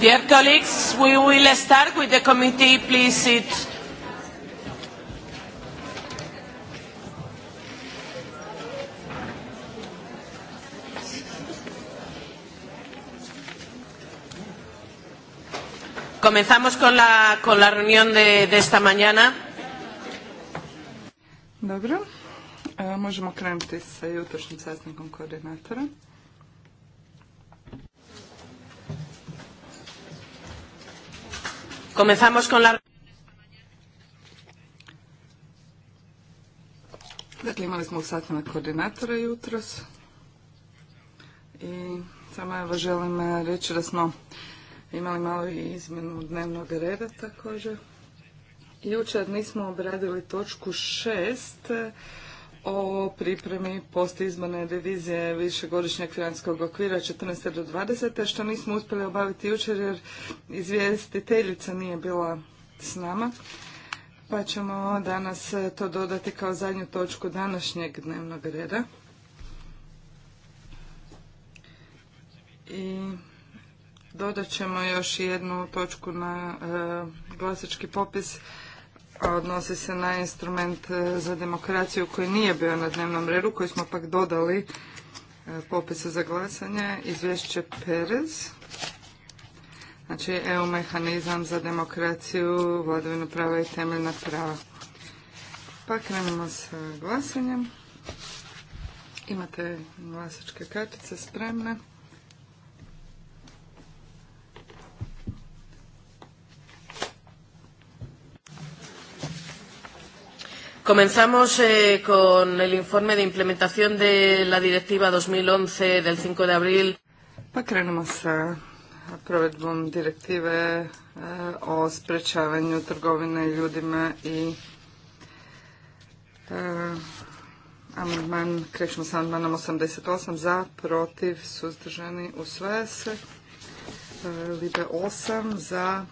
Dear colleagues, we will start with the committee. Please sit. Comenzamos con la, con la reunión de, de esta mañana. Dobro, e, možemo krenuti sa jutrošnjim sastankom koordinatora. Comenzamos con la... Dakle, imali smo sastanak koordinatora jutros i samo evo želim eh, reći da smo imali malo i izmjenu dnevnog reda također. Jučer nismo obradili točku šest o pripremi postizmane revizije višegodišnjeg financijskog okvira 14. do 20. što nismo uspjeli obaviti jučer jer izvjestiteljica nije bila s nama. Pa ćemo danas to dodati kao zadnju točku današnjeg dnevnog reda. I dodat ćemo još jednu točku na e, glasački popis a odnosi se na instrument e, za demokraciju koji nije bio na dnevnom redu, koji smo pak dodali e, popisa za glasanje, izvješće Perez, znači EU mehanizam za demokraciju, vladavinu prava i temeljna prava. Pa krenemo s glasanjem. Imate glasačke kartice spremne. Comenzamos eh, con el informe de implementación de la Directiva 2011 del 5 de abril. Pa krenemo sa provedbom direktive eh, o sprečavanju trgovine ljudima i eh, amandman, krećemo sa amandmanom 88 za, protiv, suzdržani, usvaja se. Eh, libe 8 za,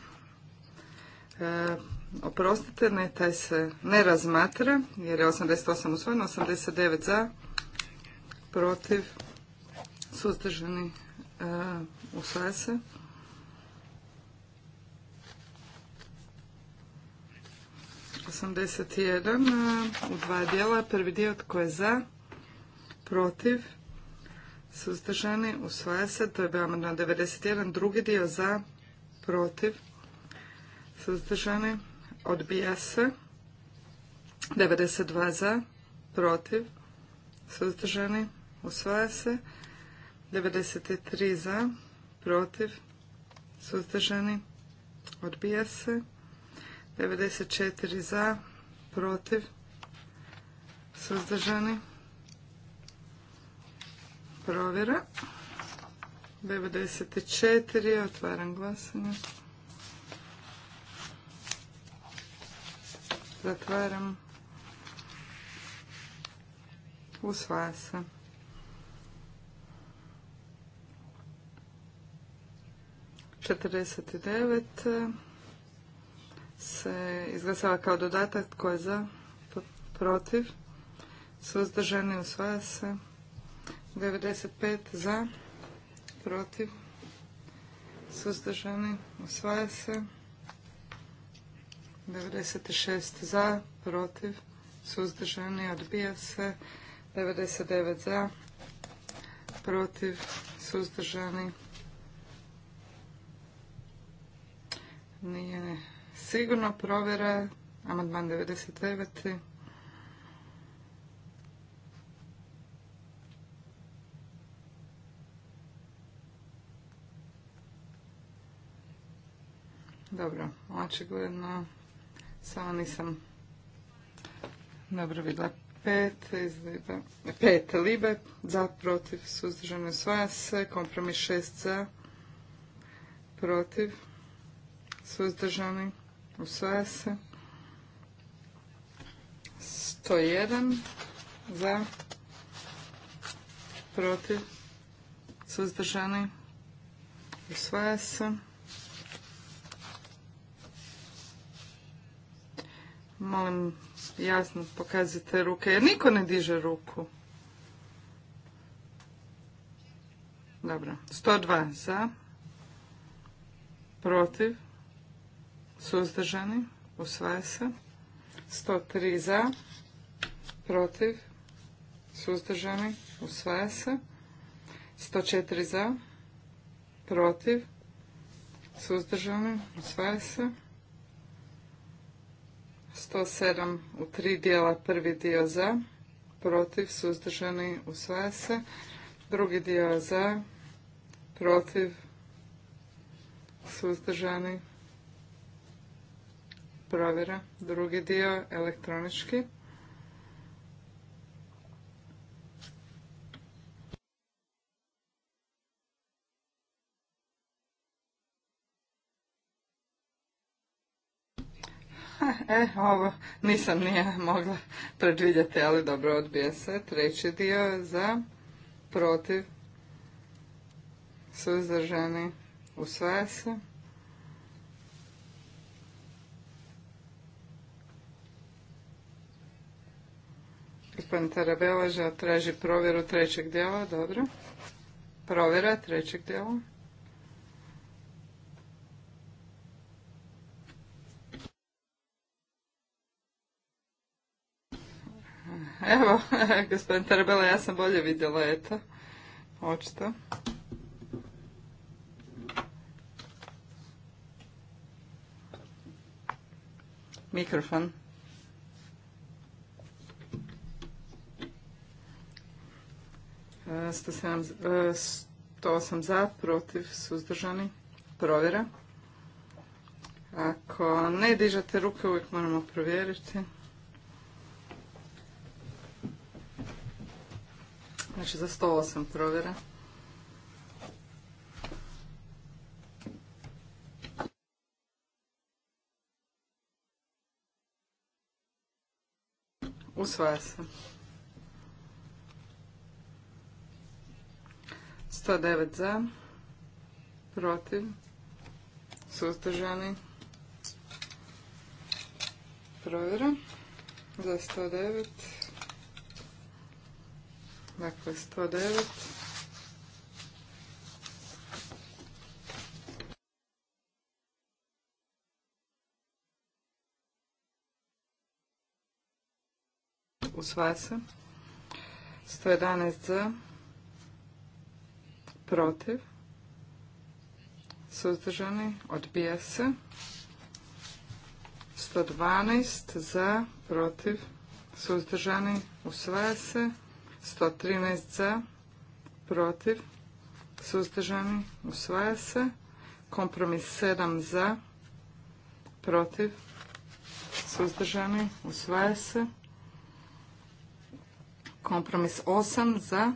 eh, oprostite, ne, taj se ne razmatra, jer je 88 usvojeno, 89 za, protiv, suzdržani, u e, usvaja se. jedan e, u dva dijela. Prvi dio tko je za, protiv, suzdržani, usvaja se. To je bio amandman 91. Drugi dio za, protiv, suzdržani, odbija se. 92 za, protiv, suzdržani, usvaja se. 93 za, protiv, suzdržani, odbija se. 94 za, protiv, suzdržani, provjera. 94, otvaram glasanje. Zatvaram. Usvaja se. Četrdeset devet se izglasava kao dodatak tko je za, protiv, suzdržani, usvaja se. 95 za, protiv, suzdržani, usvaja se. 96 za, protiv, suzdržani, odbija se. 99 za, protiv, suzdržani. Nije sigurno provjera. Amandman 99. Dobro, očigledno samo nisam dobro vidjela. Pet, iz libe, pet libe, za, protiv, suzdržani, usvaja se. Kompromis šest za, protiv, suzdržani, usvaja se. 101 za, protiv, suzdržani, usvaja se. Molim, jasno pokazite ruke, jer niko ne diže ruku. Dobro, 102 za, protiv, suzdržani, usvaja se. 103 za, protiv, suzdržani, usvaja se. 104 za, protiv, suzdržani, usvaja se. 107 u tri dijela, prvi dio za, protiv, suzdržani, usvaja se. Drugi dio za, protiv, suzdržani, provjera. Drugi dio elektronički. e, ovo nisam nije mogla predvidjeti, ali dobro odbije se. Treći dio za, protiv, suzdržani, u se. Gospodin Tarabelaža traži provjeru trećeg dijela, dobro. Provjera trećeg dijela. Evo, gospodin Tarabela, ja sam bolje vidjela, eto. Očito. Mikrofon. E, to sam e, za, protiv, suzdržani. Provjera. Ako ne dižete ruke, uvijek moramo provjeriti. Znači za 108 provjera. Usvaja se. 109 za, protiv, sustržani, provjera za 109. Dakle, 109. Usvaja se. 111 za. Protiv. Suzdržani. Odbija se. 112 za. Protiv. Suzdržani. Usvaja se. 113 za, protiv, suzdržani, usvaja se. Kompromis 7 za, protiv, suzdržani, usvaja se. Kompromis 8 za,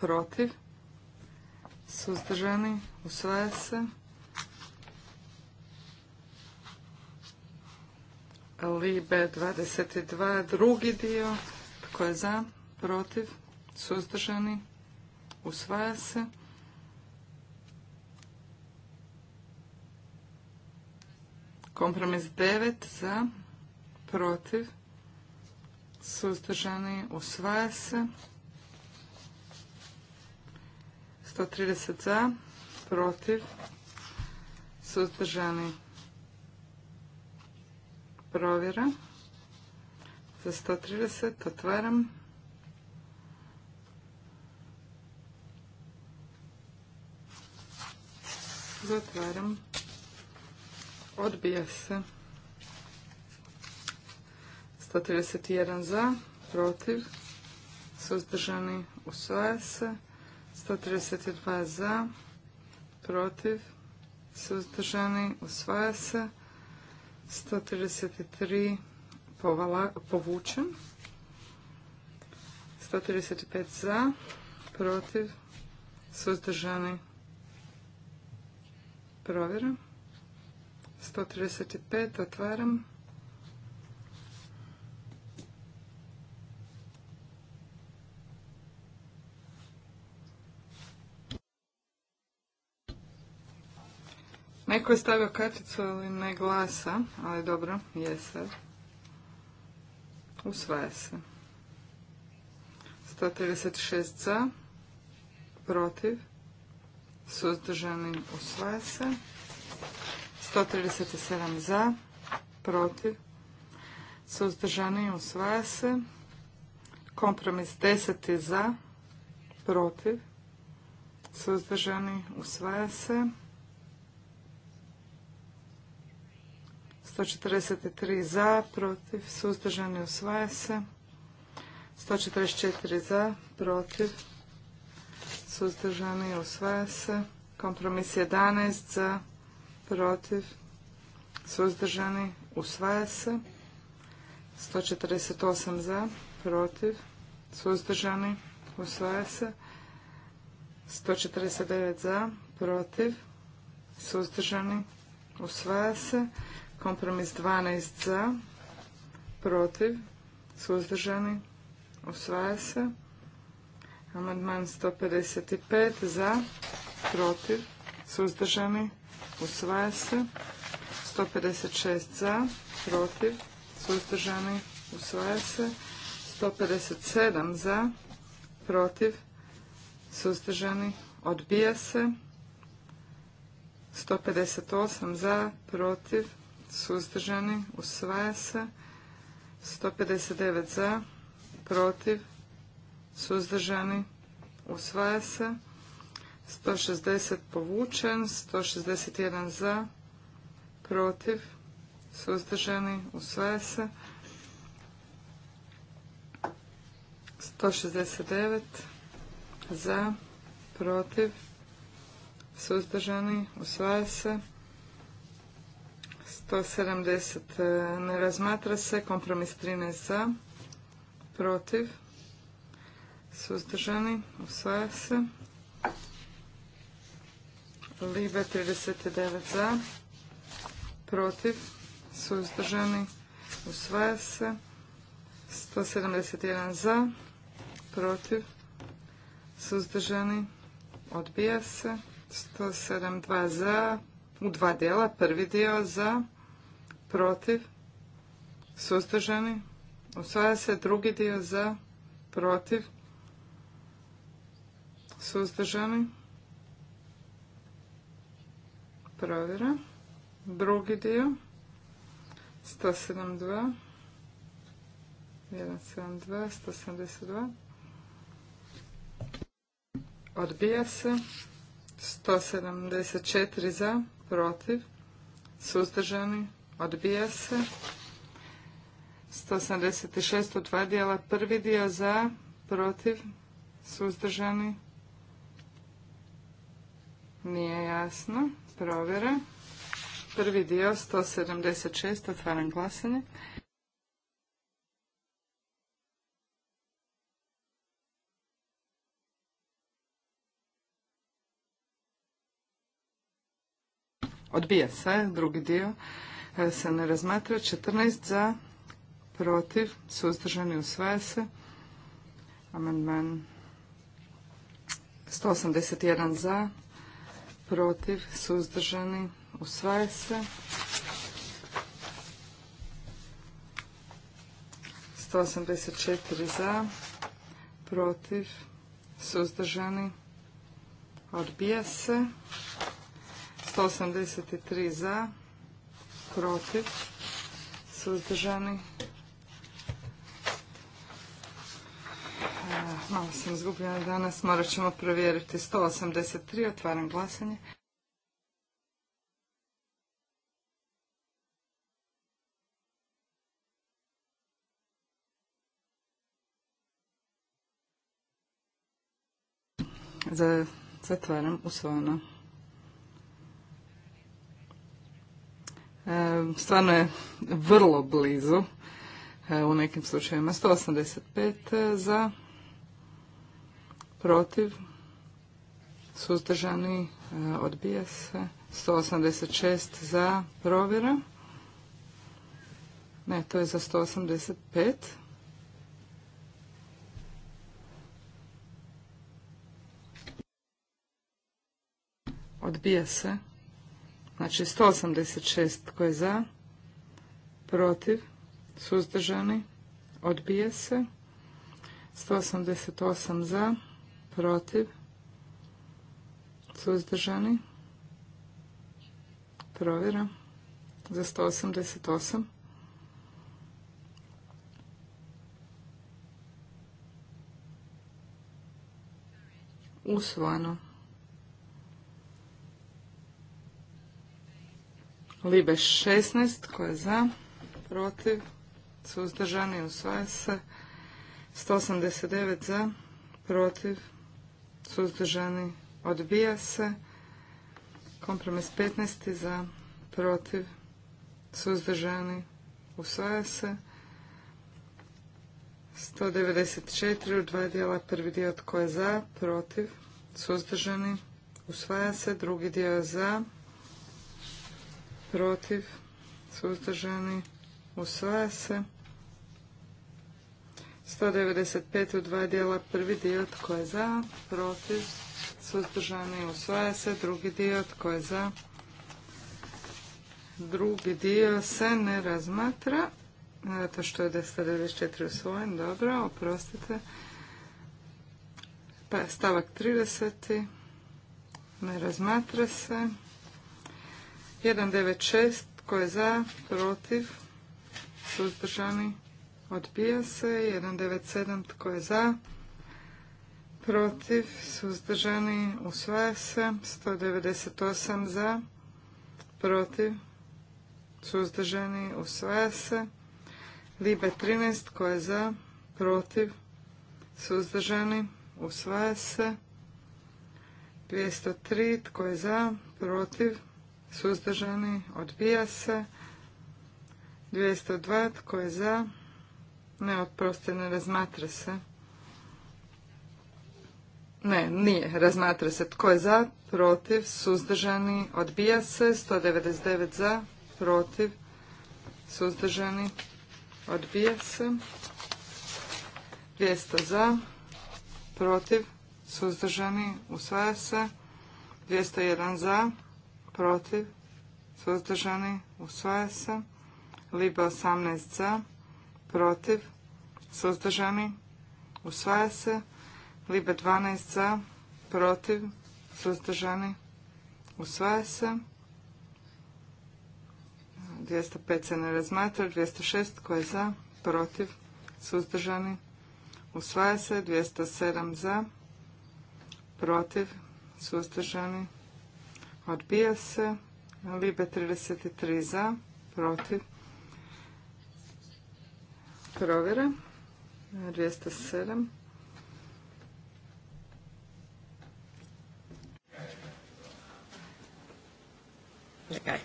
protiv, suzdržani, usvaja se. Libe 22, drugi dio, tko je za, protiv, suzdržani, usvaja se. Kompromis 9 za, protiv, suzdržani, usvaja se. 130 za, protiv, suzdržani, provjera. Za 130 otvaram. Zatvaram. Odbija se. 131 za, protiv, suzdržani, usvaja se. 132 za, protiv, suzdržani, usvaja se. 133 povala, povučen. 135 za, protiv, suzdržani, Provjera. 135. Otvaram. Neko je stavio karticu, ali ne glasa, ali dobro, je sad. Usvaja se. 136 za, protiv, suzdržani usvaja se. 137 za, protiv, suzdržani usvaja se. Kompromis 10 za, protiv, suzdržani usvaja se. 143 za, protiv, suzdržani usvaja se. 144 za, protiv, suzdržani, usvaja se. Kompromis 11 za, protiv, suzdržani, usvaja se. 148 za, protiv, suzdržani, usvaja se. 149 za, protiv, suzdržani, usvaja se. Kompromis 12 za, protiv, suzdržani, usvaja se. Amandman 155 za, protiv, suzdržani, usvaja se. 156 za, protiv, suzdržani, usvaja se. 157 za, protiv, suzdržani, odbija se. 158 za, protiv, suzdržani, usvaja se. 159 za, protiv, suzdržani, usvaja se. 160 povučen, 161 za, protiv, suzdržani, usvaja se. 169 za, protiv, suzdržani, usvaja se. 170 eh, ne razmatra se, kompromis 13 za, protiv, suzdržani, usvaja se. Libe 39 za, protiv, suzdržani, usvaja se. 171 za, protiv, suzdržani, odbija se. 172 za, u dva dijela, prvi dio za, protiv, suzdržani, usvaja se drugi dio za, protiv, Suzdržani? Provjera. Drugi dio. 172. 172, Odbija se. 174 za, protiv, suzdržani, odbija se. 176 od dva dijela, prvi dio za, protiv, suzdržani, nije jasno. Provjera. Prvi dio 176. Otvaram glasanje. Odbija se. Drugi dio e, se ne razmatra. 14 za, protiv, suzdržani usvaja se. Amandman 181 za, protiv, suzdržani, usvaja se. 184 za, protiv, suzdržani, odbija se. 183 za, protiv, suzdržani, Malo sam zgubljena danas, morat ćemo provjeriti 183, otvaram glasanje. Zatvaram usvojeno. E, stvarno je vrlo blizu e, u nekim slučajevima 185 za protiv, suzdržani, e, odbija se. 186 za provjera. Ne, to je za 185. Odbija se. Znači 186 tko je za, protiv, suzdržani, odbija se. 188 za, protiv, suzdržani, provjera za 188. Usvojeno. Libe 16, Koje je za, protiv, suzdržani, usvaja se. 189 za, protiv, suzdržani, odbija se. Kompromis 15. za, protiv, suzdržani, usvaja se. 194 u dva dijela, prvi dio tko je za, protiv, suzdržani, usvaja se, drugi dio za, protiv, suzdržani, usvaja se. 195 u dva dijela, prvi dio tko je za, protiv, suzdržani usvaja se, drugi dio tko je za, drugi dio se ne razmatra, zato što je 1094 usvojen, dobro, oprostite. Pa, stavak 30. Ne razmatra se. 196 tko je za, protiv, suzdržani, Odbija se. 197. Tko je za? Protiv. Suzdržani. Usvaja se. 198. Za. Protiv. Suzdržani. Usvaja se. Libe 13. Tko je za? Protiv. Suzdržani. Usvaja se. 203. Tko je za? Protiv. Suzdržani. Odbija se. 202. Tko je za? Ne, oprosti, ne razmatra se. Ne, nije. Razmatra se tko je za, protiv, suzdržani, odbija se. 199 za, protiv, suzdržani, odbija se. 200 za, protiv, suzdržani, usvaja se. 201 za, protiv, suzdržani, usvaja se. Liba 18 za, protiv, suzdržani, usvaja se. Libe 12 za, protiv, suzdržani, usvaja se. 205 se ne razmatra, 206 koje za, protiv, suzdržani, usvaja se. 207 za, protiv, suzdržani, odbija se. Libe 33 za, protiv, Provjera. 207. Me cae.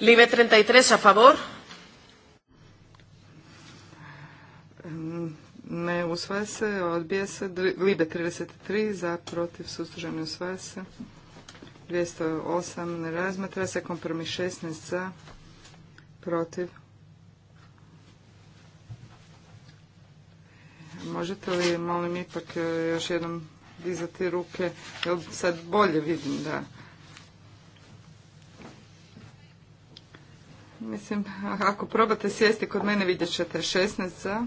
Libe 33 a favor. Ne usvaja se, odbija se. Libe 33 za, protiv, suzdržani usvaja se. 208 ne razmatra se, kompromis 16 za, protiv, Možete li, molim, ipak e, još jednom dizati ruke, jer sad bolje vidim da... Mislim, ako probate sjesti kod mene vidjet ćete 16 za,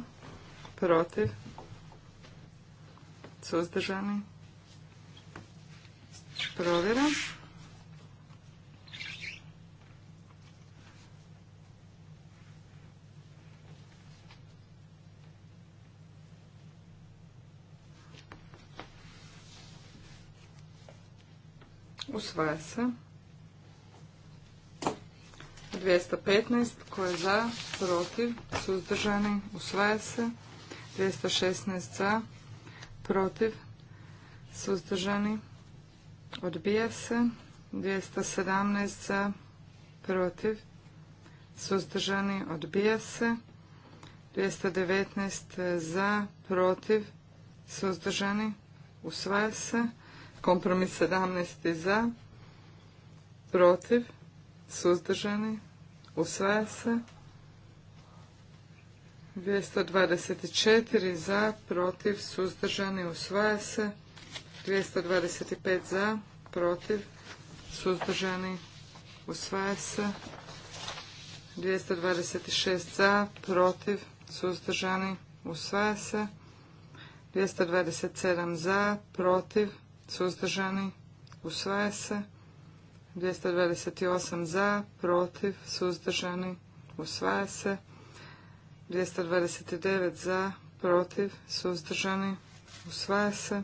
protiv, suzdržani, provjeram. Usvaja se. 215 koje je za, protiv, suzdržani, usvaja se. 216 za, protiv, suzdržani, odbija se. 217 za, protiv, suzdržani, odbija se. 219 za, protiv, suzdržani, usvaja se. Kompromis 17. za, protiv, suzdržani, usvaja se. 224 za, protiv, suzdržani, usvaja se. 225 za, protiv, suzdržani, usvaja se. 226 za, protiv, suzdržani, usvaja se. 227 za, protiv, suzdržani, usvaja se. 228 za, protiv, suzdržani, usvaja se. 229 za, protiv, suzdržani, usvaja se.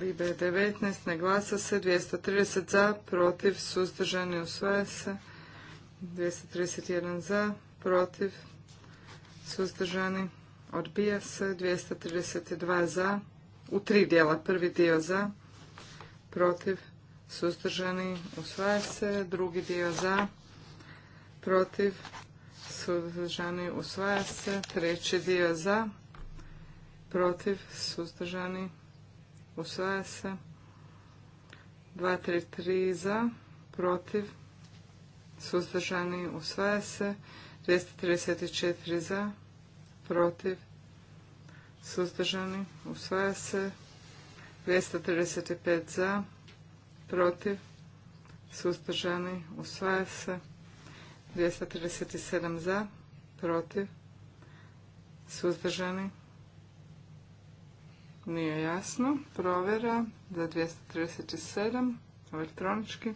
Libe 19, ne glasa se. 230 za, protiv, suzdržani, usvaja se. 231 za, protiv, suzdržani, Odbija se 232 za, u tri dijela. Prvi dio za, protiv, suzdržani, usvaja se. Drugi dio za, protiv, suzdržani, usvaja se. Treći dio za, protiv, suzdržani, usvaja se. 233 za, protiv, suzdržani, usvaja se. 234 za, protiv, suzdržani, usvaja se. 235 za, protiv, suzdržani, usvaja se. 237 za, protiv, suzdržani, nije jasno. Provjera za 237 elektronički.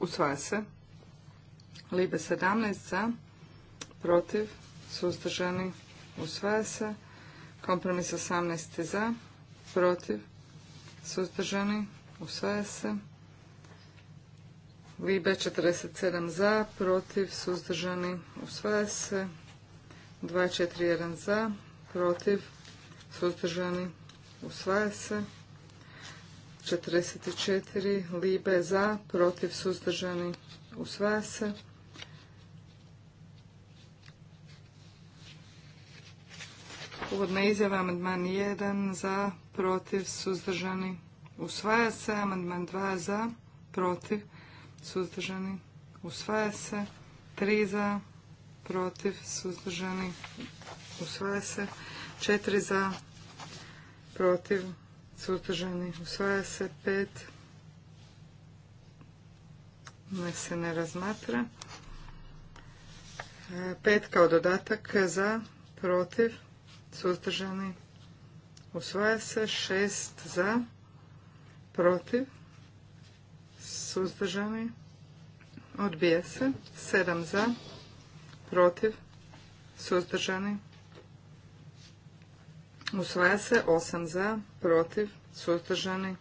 usvaja se. Libe 17 za, protiv, suzdržani, usvaja se. Kompromis 18 za, protiv, suzdržani, usvaja se. Libe 47 za, protiv, suzdržani, usvaja se. 241 za, protiv, suzdržani, usvaja se. 44 libe za, protiv suzdržani usvaja se. Uvodna izjava, amandman 1 za, protiv suzdržani usvaja se, amandman 2 za, protiv suzdržani usvaja se, 3 za, protiv suzdržani usvaja se, 4 za, protiv suzdržani, usvaja se pet, ne se ne razmatra. E, pet kao dodatak za, protiv, suzdržani, usvaja se šest za, protiv, suzdržani, odbija se sedam za, protiv, suzdržani, Usvaja se 8 za, protiv, suzdržani.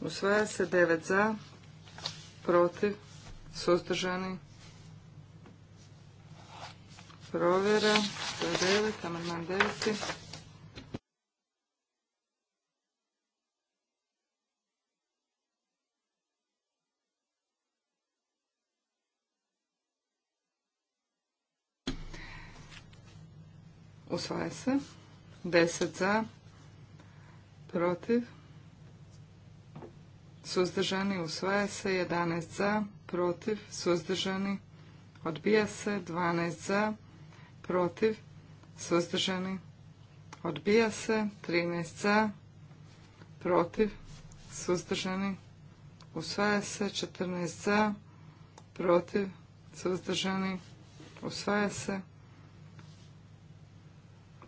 Usvaja se 9 za, protiv, suzdržani. Provjera, to je 9, amandman 9. Usvaja se. 10 za, protiv, suzdržani, usvaja se, 11 za, protiv, suzdržani, odbija se, 12 za, protiv, suzdržani, odbija se, 13 za, protiv, suzdržani, usvaja se, 14 za, protiv, suzdržani, usvaja se,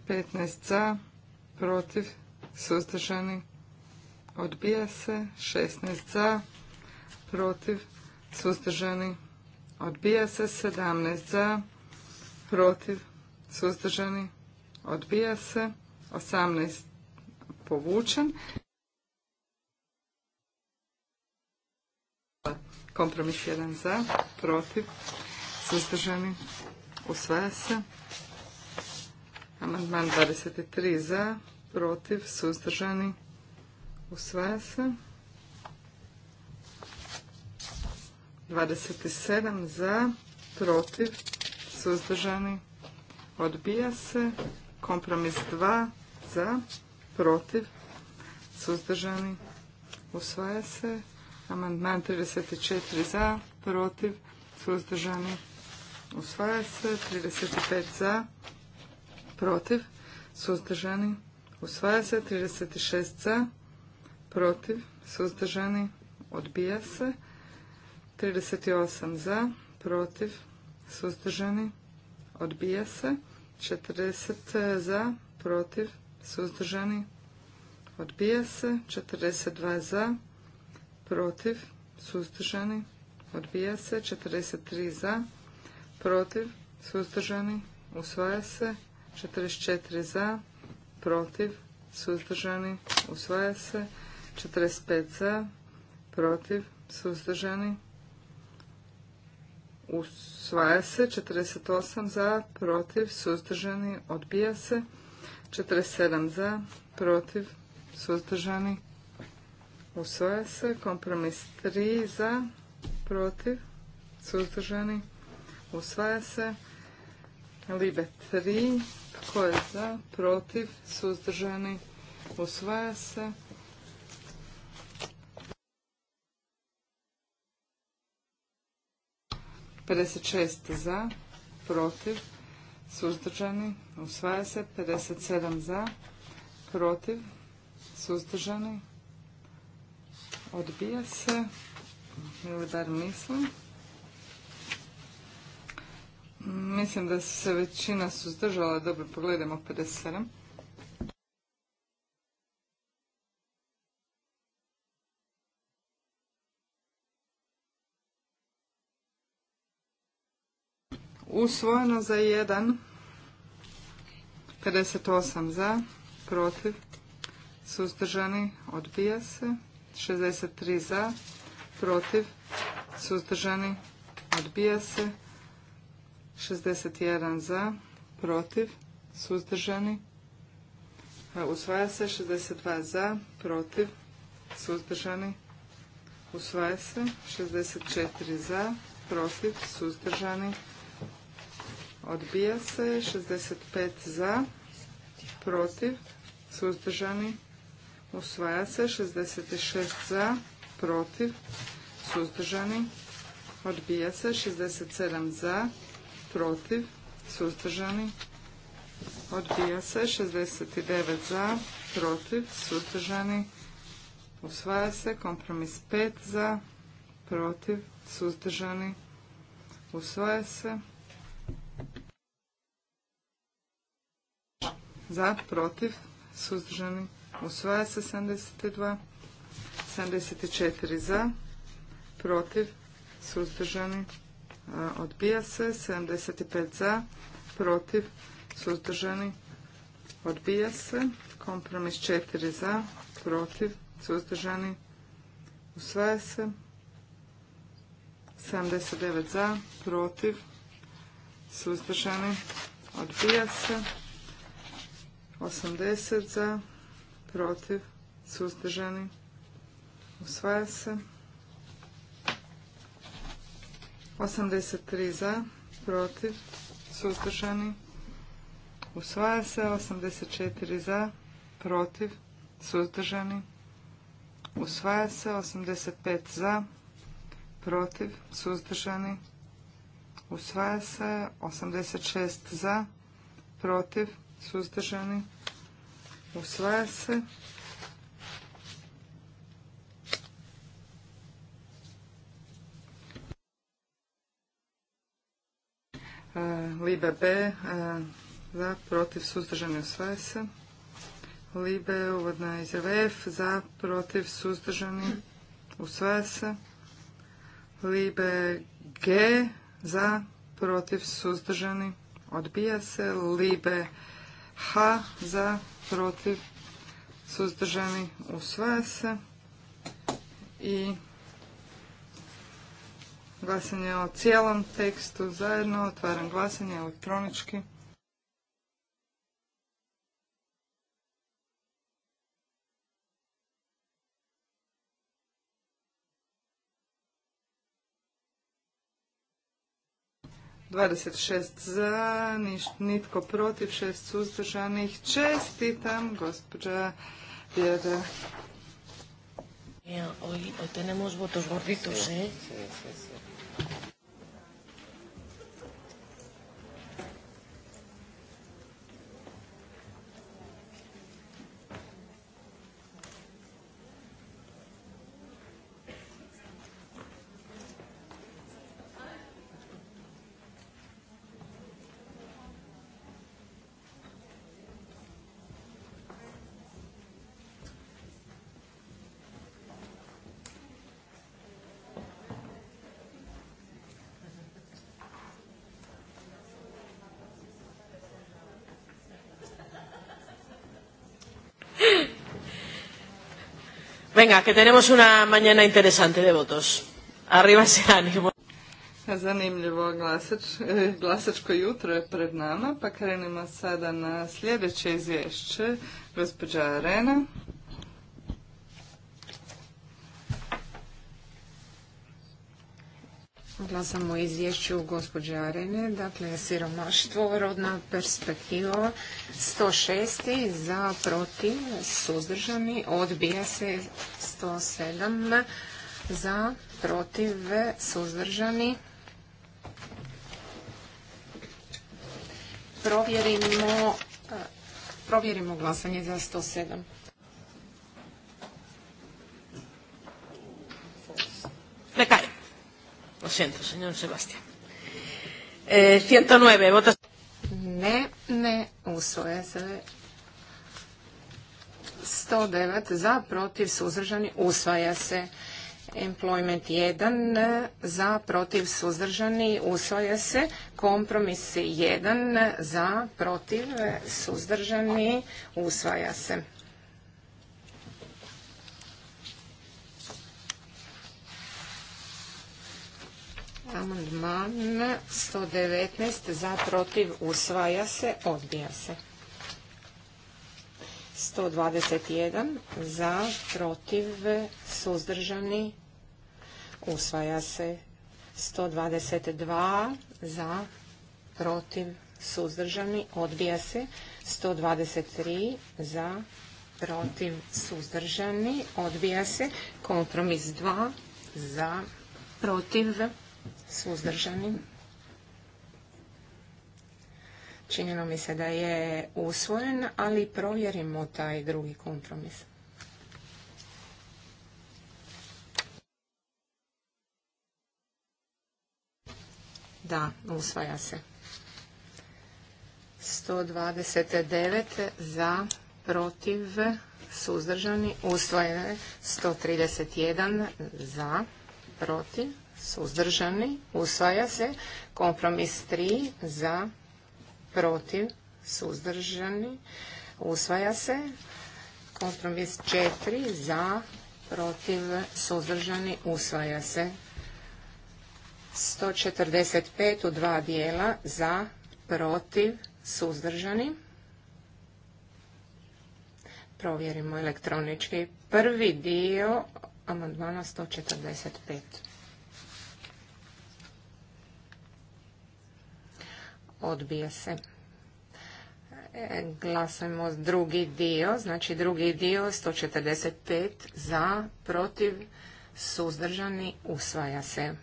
15 za, protiv, suzdržani, odbija se. 16 za, protiv, suzdržani, odbija se. 17 za, protiv, suzdržani, odbija se. 18 povučen. Kompromis 1 za, protiv, suzdržani, usvaja se. Amandman 23 za, protiv, suzdržani, usvaja se. 27 za, protiv, suzdržani, odbija se. Kompromis 2 za, protiv, suzdržani, usvaja se. Amandman 34 za, protiv, suzdržani, usvaja se. 35 za, protiv, suzdržani, usvaja se. 36 za, protiv, suzdržani, odbija se. 38 za, protiv, suzdržani, odbija se. 40 za, protiv, suzdržani, odbija se. 42 za, protiv, suzdržani, odbija se. 43 za, protiv, suzdržani, usvaja se. 44 za, protiv, suzdržani, usvaja se. 45 za, protiv, suzdržani, usvaja se. 48 za, protiv, suzdržani, odbija se. 47 za, protiv, suzdržani, usvaja se. Kompromis 3 za, protiv, suzdržani, usvaja se. Libe 3. Tko je za? Protiv? Suzdržani? Usvaja se. Pedeset za, protiv, suzdržani, usvaja se. Pedeset za, protiv, suzdržani, odbija se, ili bar mislim. Mislim da se većina suzdržala. Dobro, pogledajmo 57. Usvojeno za 1. 58 za, protiv, suzdržani, odbija se. 63 za, protiv, suzdržani, odbija se. 61 e, za, protiv, suzdržani. Usvaja se 62 za, protiv, suzdržani. Usvaja se 64 za, protiv, suzdržani. Odbija se 65 za, protiv, suzdržani. Usvaja se 66 za, protiv, suzdržani. Odbija se 67 za, protiv, suzdržani, odbija se. 69 za, protiv, suzdržani, usvaja se. Kompromis 5 za, protiv, suzdržani, usvaja se. Za, protiv, suzdržani, usvaja se 72. 74 za, protiv, suzdržani, odbija se. 75 za, protiv, suzdržani, odbija se. Kompromis 4 za, protiv, suzdržani, usvaja se. 79 za, protiv, suzdržani, odbija se. 80 za, protiv, suzdržani, usvaja se. 83 za, protiv, suzdržani. Usvaja se 84 za, protiv, suzdržani. Usvaja se 85 za, protiv, suzdržani. Usvaja se 86 za, protiv, suzdržani. Usvaja se Libe B e, za, protiv, suzdržani, usvaja se. Libe, uvodna iz F, za, protiv, suzdržani, usvaja se. Libe G, za, protiv, suzdržani, odbija se. Libe H, za, protiv, suzdržani, usvaja se. I Glasanje o cijelom tekstu zajedno. Otvaram glasanje elektronički. Dvadeset šest za, nitko protiv, šest suzdržanih. Čestitam, gospođa Vjera. Ja, tenemos votos gorditos, ¿eh? Venga, que tenemos una mañana interesante de votos. Arriba se ánimo. Pa zanimljivo glasač, eh, glasačko jutro je pred nama, pa krenimo sada na sljedeće izvješće, gospođa Arena. Glasamo o izvješću gospođe Arene, dakle siromaštvo, rodna perspektiva, 106. za protiv, suzdržani, odbija se 107. za protiv, suzdržani. Provjerimo, eh, provjerimo glasanje za 107. Lo siento, señor Sebastián. Eh, 109, votos. Ne, ne, usvoja se. 109 za, protiv, suzdržani, usvaja se. Employment 1 za, protiv, suzdržani, usvaja se. Kompromis 1 za, protiv, suzdržani, usvaja se. Amandman 119 za protiv usvaja se, odbija se. 121 za protiv suzdržani usvaja se. 122 za protiv suzdržani odbija se. 123 za protiv suzdržani odbija se. Kompromis 2 za protiv suzdržani. Činjeno mi se da je usvojen, ali provjerimo taj drugi kompromis. Da, usvaja se. 129 za, protiv, suzdržani, usvojene 131 za, protiv, suzdržani, usvaja se. Kompromis 3 za, protiv, suzdržani, usvaja se. Kompromis 4 za, protiv, suzdržani, usvaja se. 145 u dva dijela za, protiv, suzdržani. Provjerimo elektronički prvi dio amandmana 145. odbije se. E, glasujemo drugi dio, znači drugi dio 145 za, protiv, suzdržani, usvaja se.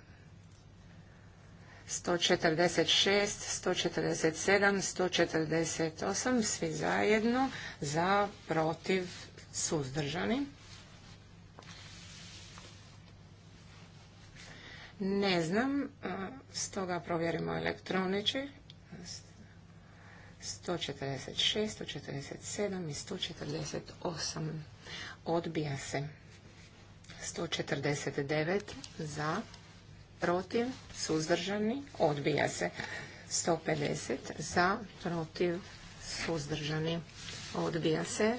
146, 147, 148, svi zajedno, za, protiv, suzdržani. Ne znam, e, stoga provjerimo elektronički. 146, 147 i 148. Odbija se. 149 za, protiv, suzdržani, odbija se. 150 za, protiv, suzdržani, odbija se.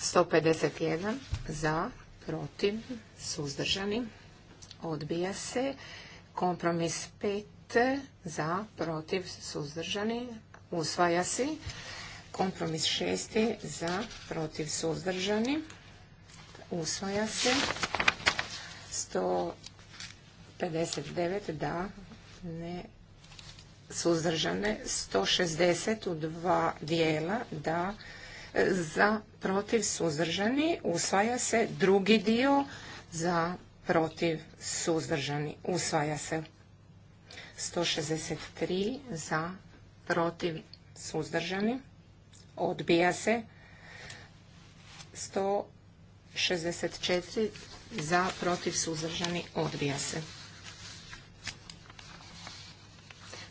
151 za, protiv, suzdržani, odbija se. Kompromis 5 za, protiv, suzdržani, usvaja se. Kompromis šesti za, protiv suzdržani, usvaja se. 159 da, ne suzdržane, 160 u dva dijela da, za, protiv suzdržani, usvaja se. Drugi dio za, protiv suzdržani, usvaja se. 163 za, protiv, suzdržani, odbija se. 164 za, protiv, suzdržani, odbija se.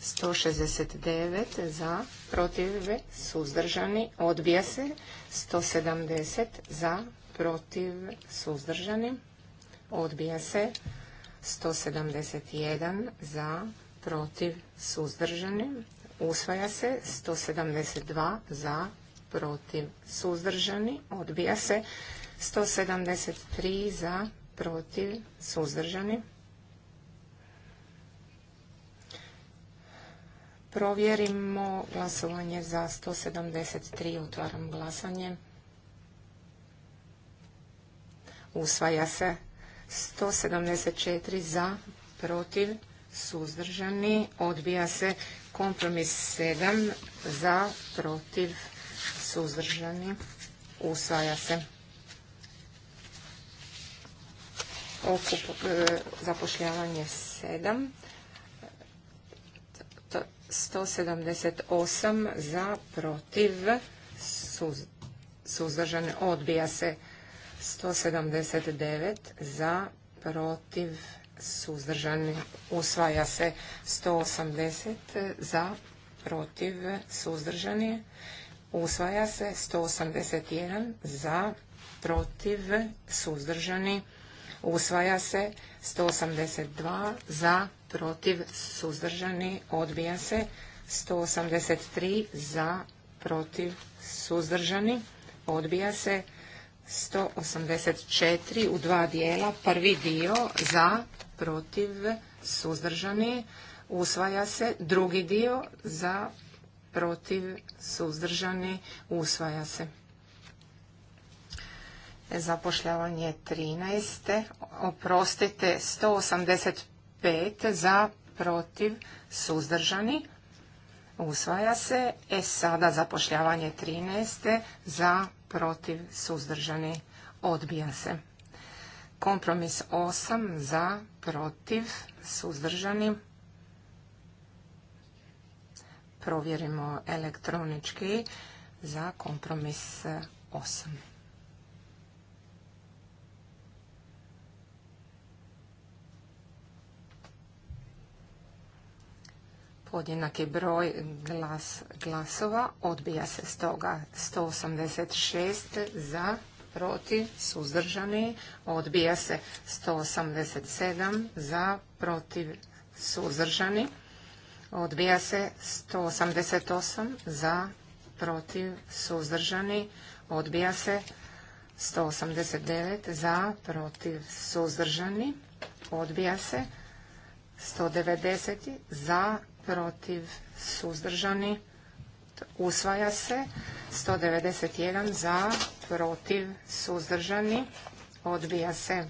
169 za, protiv, suzdržani, odbija se. 170 za, protiv, suzdržani, odbija se. 171 za, protiv, suzdržani, Usvaja se 172 za, protiv, suzdržani. Odbija se 173 za, protiv, suzdržani. Provjerimo glasovanje za 173. Otvaram glasanje. Usvaja se 174 za, protiv, suzdržani. Odbija se Kompromis 7 za, protiv, suzdržani, usvaja se. E, zapošljavanje 7. 178 za, protiv, suzdržani, odbija se. 179 za, protiv, suzdržani, usvaja se 180 za, protiv, suzdržani, usvaja se 181 za, protiv, suzdržani, usvaja se 182 za, protiv, suzdržani, odbija se 183 za, protiv, suzdržani, odbija se 184 u dva dijela. Prvi dio za, protiv, suzdržani, usvaja se. Drugi dio za, protiv, suzdržani, usvaja se. Zapošljavanje 13. Oprostite, 185 za, protiv, suzdržani, usvaja se. E sada zapošljavanje 13. za, protiv, suzdržani, odbija se. Kompromis 8 za, protiv, suzdržani. Provjerimo elektronički za kompromis 8. podjednaki broj glas, glasova. Odbija se stoga 186 za, protiv, suzdržani. Odbija se 187 za, protiv, suzdržani. Odbija se 188 za, protiv, suzdržani. Odbija se 189 za, protiv, suzdržani. Odbija se 190 za, protiv, suzdržani, usvaja se. 191 za, protiv, suzdržani, odbija se.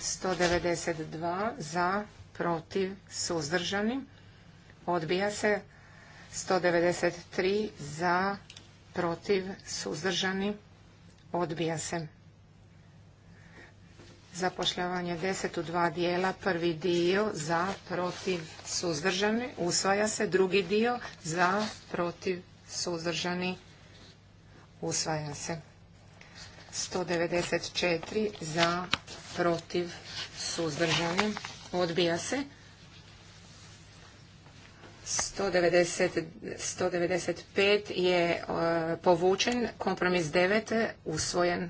192 za, protiv, suzdržani, odbija se. 193 za, protiv, suzdržani, odbija se zapošljavanje deset u dva dijela. Prvi dio za, protiv, suzdržani. Usvaja se. Drugi dio za, protiv, suzdržani. Usvaja se. 194 za, protiv, suzdržani. Odbija se. 195 je e, povučen, kompromis 9 usvojen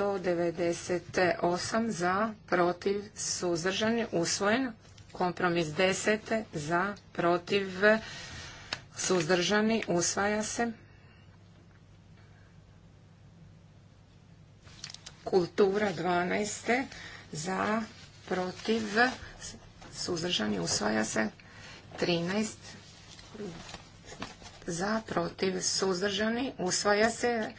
198 za, protiv, suzdržani, usvojen. Kompromis 10 za, protiv, suzdržani, usvaja se. Kultura 12 za, protiv, suzdržani, usvaja se. 13 za, protiv, suzdržani, usvaja se.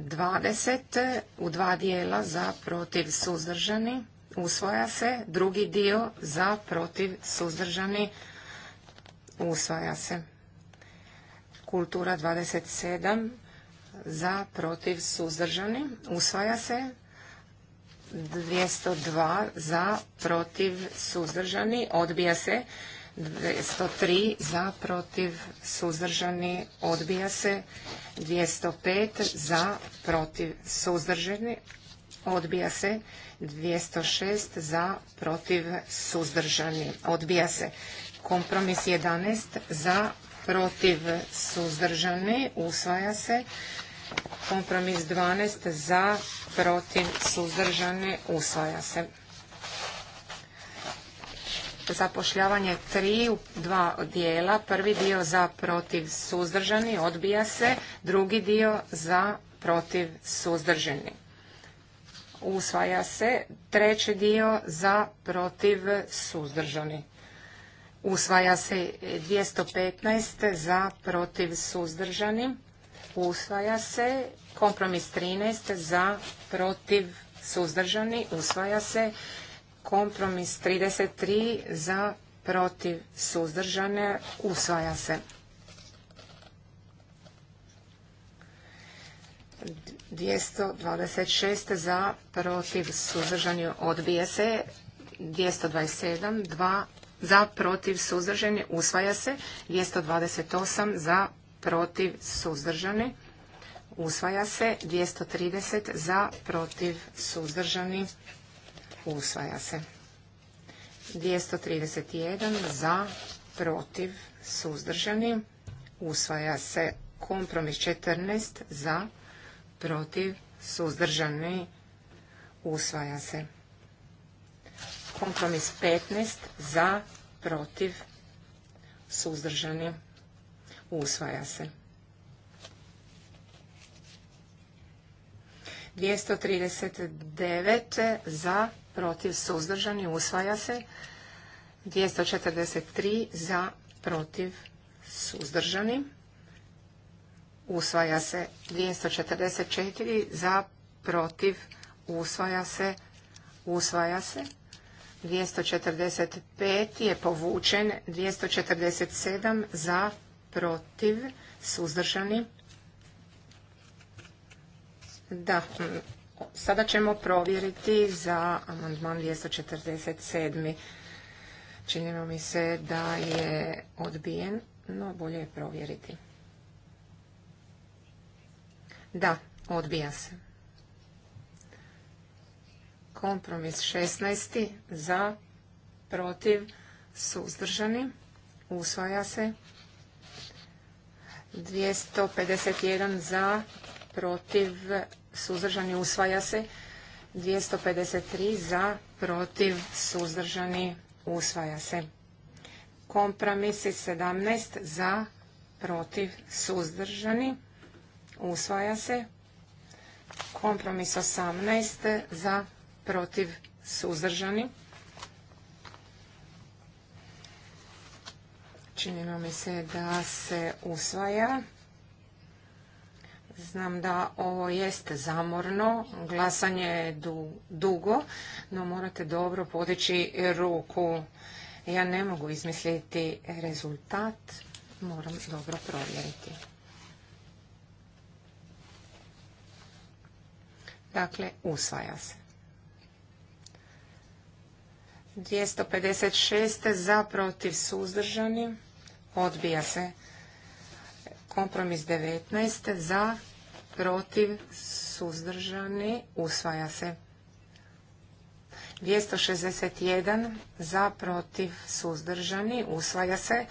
20 u dva dijela za protiv suzdržani. Usvaja se. Drugi dio za protiv suzdržani. Usvaja se. Kultura 27 za protiv suzdržani. Usvaja se. 202 za protiv suzdržani. Odbija se. 203 za, protiv, suzdržani, odbija se. 205 za, protiv, suzdržani, odbija se. 206 za, protiv, suzdržani, odbija se. Kompromis 11 za, protiv, suzdržani, usvaja se. Kompromis 12 za, protiv, suzdržani, usvaja se zapošljavanje tri u dva dijela. Prvi dio za protiv suzdržani odbija se, drugi dio za protiv suzdržani. Usvaja se treći dio za protiv suzdržani. Usvaja se 215 za protiv suzdržani. Usvaja se kompromis 13 za protiv suzdržani. Usvaja se Kompromis 33 za protiv suzdržane usvaja se. 226 za protiv suzdržani odbije se. 227 dva za protiv suzdržani usvaja se. 228 za protiv suzdržani usvaja se. 230 za protiv suzdržani usvaja se. 231 za, protiv, suzdržani, usvaja se. Kompromis 14 za, protiv, suzdržani, usvaja se. Kompromis 15 za, protiv, suzdržani, usvaja se. 239 za, protiv, suzdržani, usvaja se. 243 za, protiv, suzdržani. Usvaja se 244 za, protiv, usvaja se, usvaja se. 245 je povučen, 247 za, protiv, suzdržani. Da, Sada ćemo provjeriti za amandman 247. Činimo mi se da je odbijen, no bolje je provjeriti. Da, odbija se. Kompromis 16. Za, protiv, suzdržani. Usvaja se. 251 za, protiv, suzdržani usvaja se. 253 za, protiv, suzdržani usvaja se. kompromis 17 za, protiv, suzdržani usvaja se. Kompromis 18 za, protiv, suzdržani. Činilo mi se da se usvaja. Znam da ovo jeste zamorno, glasanje je dugo, no morate dobro podići ruku. Ja ne mogu izmisliti rezultat, moram dobro provjeriti. Dakle, usvaja se. 256. za protiv suzdržani. Odbija se. Kompromis 19 za, protiv, suzdržani, usvaja se. 261 za, protiv, suzdržani, usvaja se.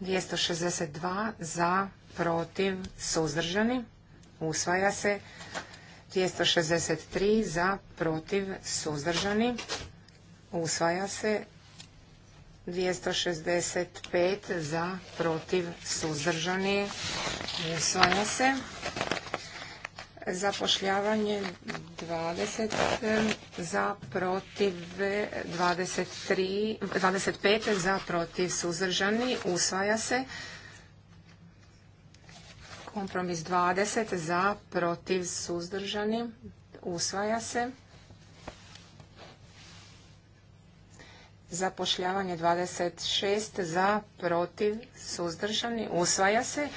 262 za, protiv, suzdržani, usvaja se. 263 za, protiv, suzdržani, usvaja se. 265 za, protiv, suzdržani, usvaja se. Zapošljavanje 20 za, protiv, 23, 25 za, protiv, suzdržani, usvaja se. Kompromis 20 za, protiv, suzdržani, usvaja se. zapošljavanje 26 za, protiv, suzdržani, usvaja se.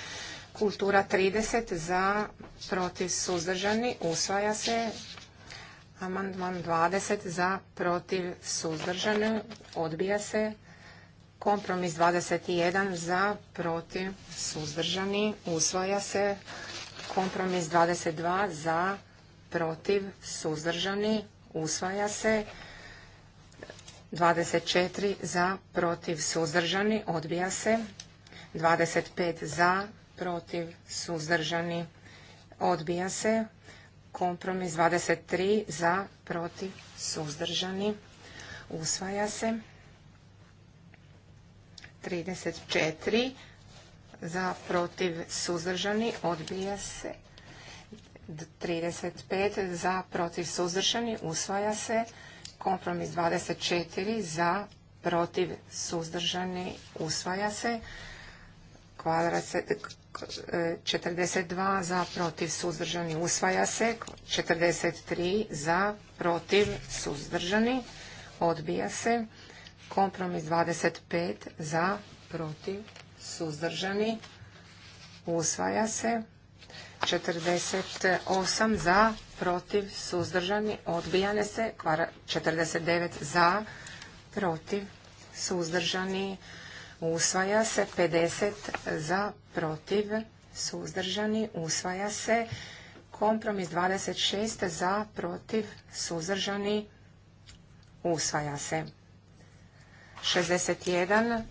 Kultura 30 za, protiv, suzdržani, usvaja se. Amandman 20 za, protiv, suzdržani, odbija se. Kompromis 21 za, protiv, suzdržani, usvaja se. Kompromis 22 za, protiv, suzdržani, usvaja se. 24 za, protiv, suzdržani, odbija se. 25 za, protiv, suzdržani, odbija se. Kompromis 23 za, protiv, suzdržani, usvaja se. 34 za, protiv, suzdržani, odbija se. 35 za, protiv, suzdržani, usvaja se. Kompromis 24 za, protiv, suzdržani, usvaja se. Kvadrat e, 42 za, protiv, suzdržani, usvaja se. 43 za, protiv, suzdržani, odbija se. Kompromis 25 za, protiv, suzdržani, usvaja se. 48 za, protiv, suzdržani, odbijane se. 49 za, protiv, suzdržani, usvaja se. 50 za, protiv, suzdržani, usvaja se. Kompromis 26 za, protiv, suzdržani, usvaja se. 61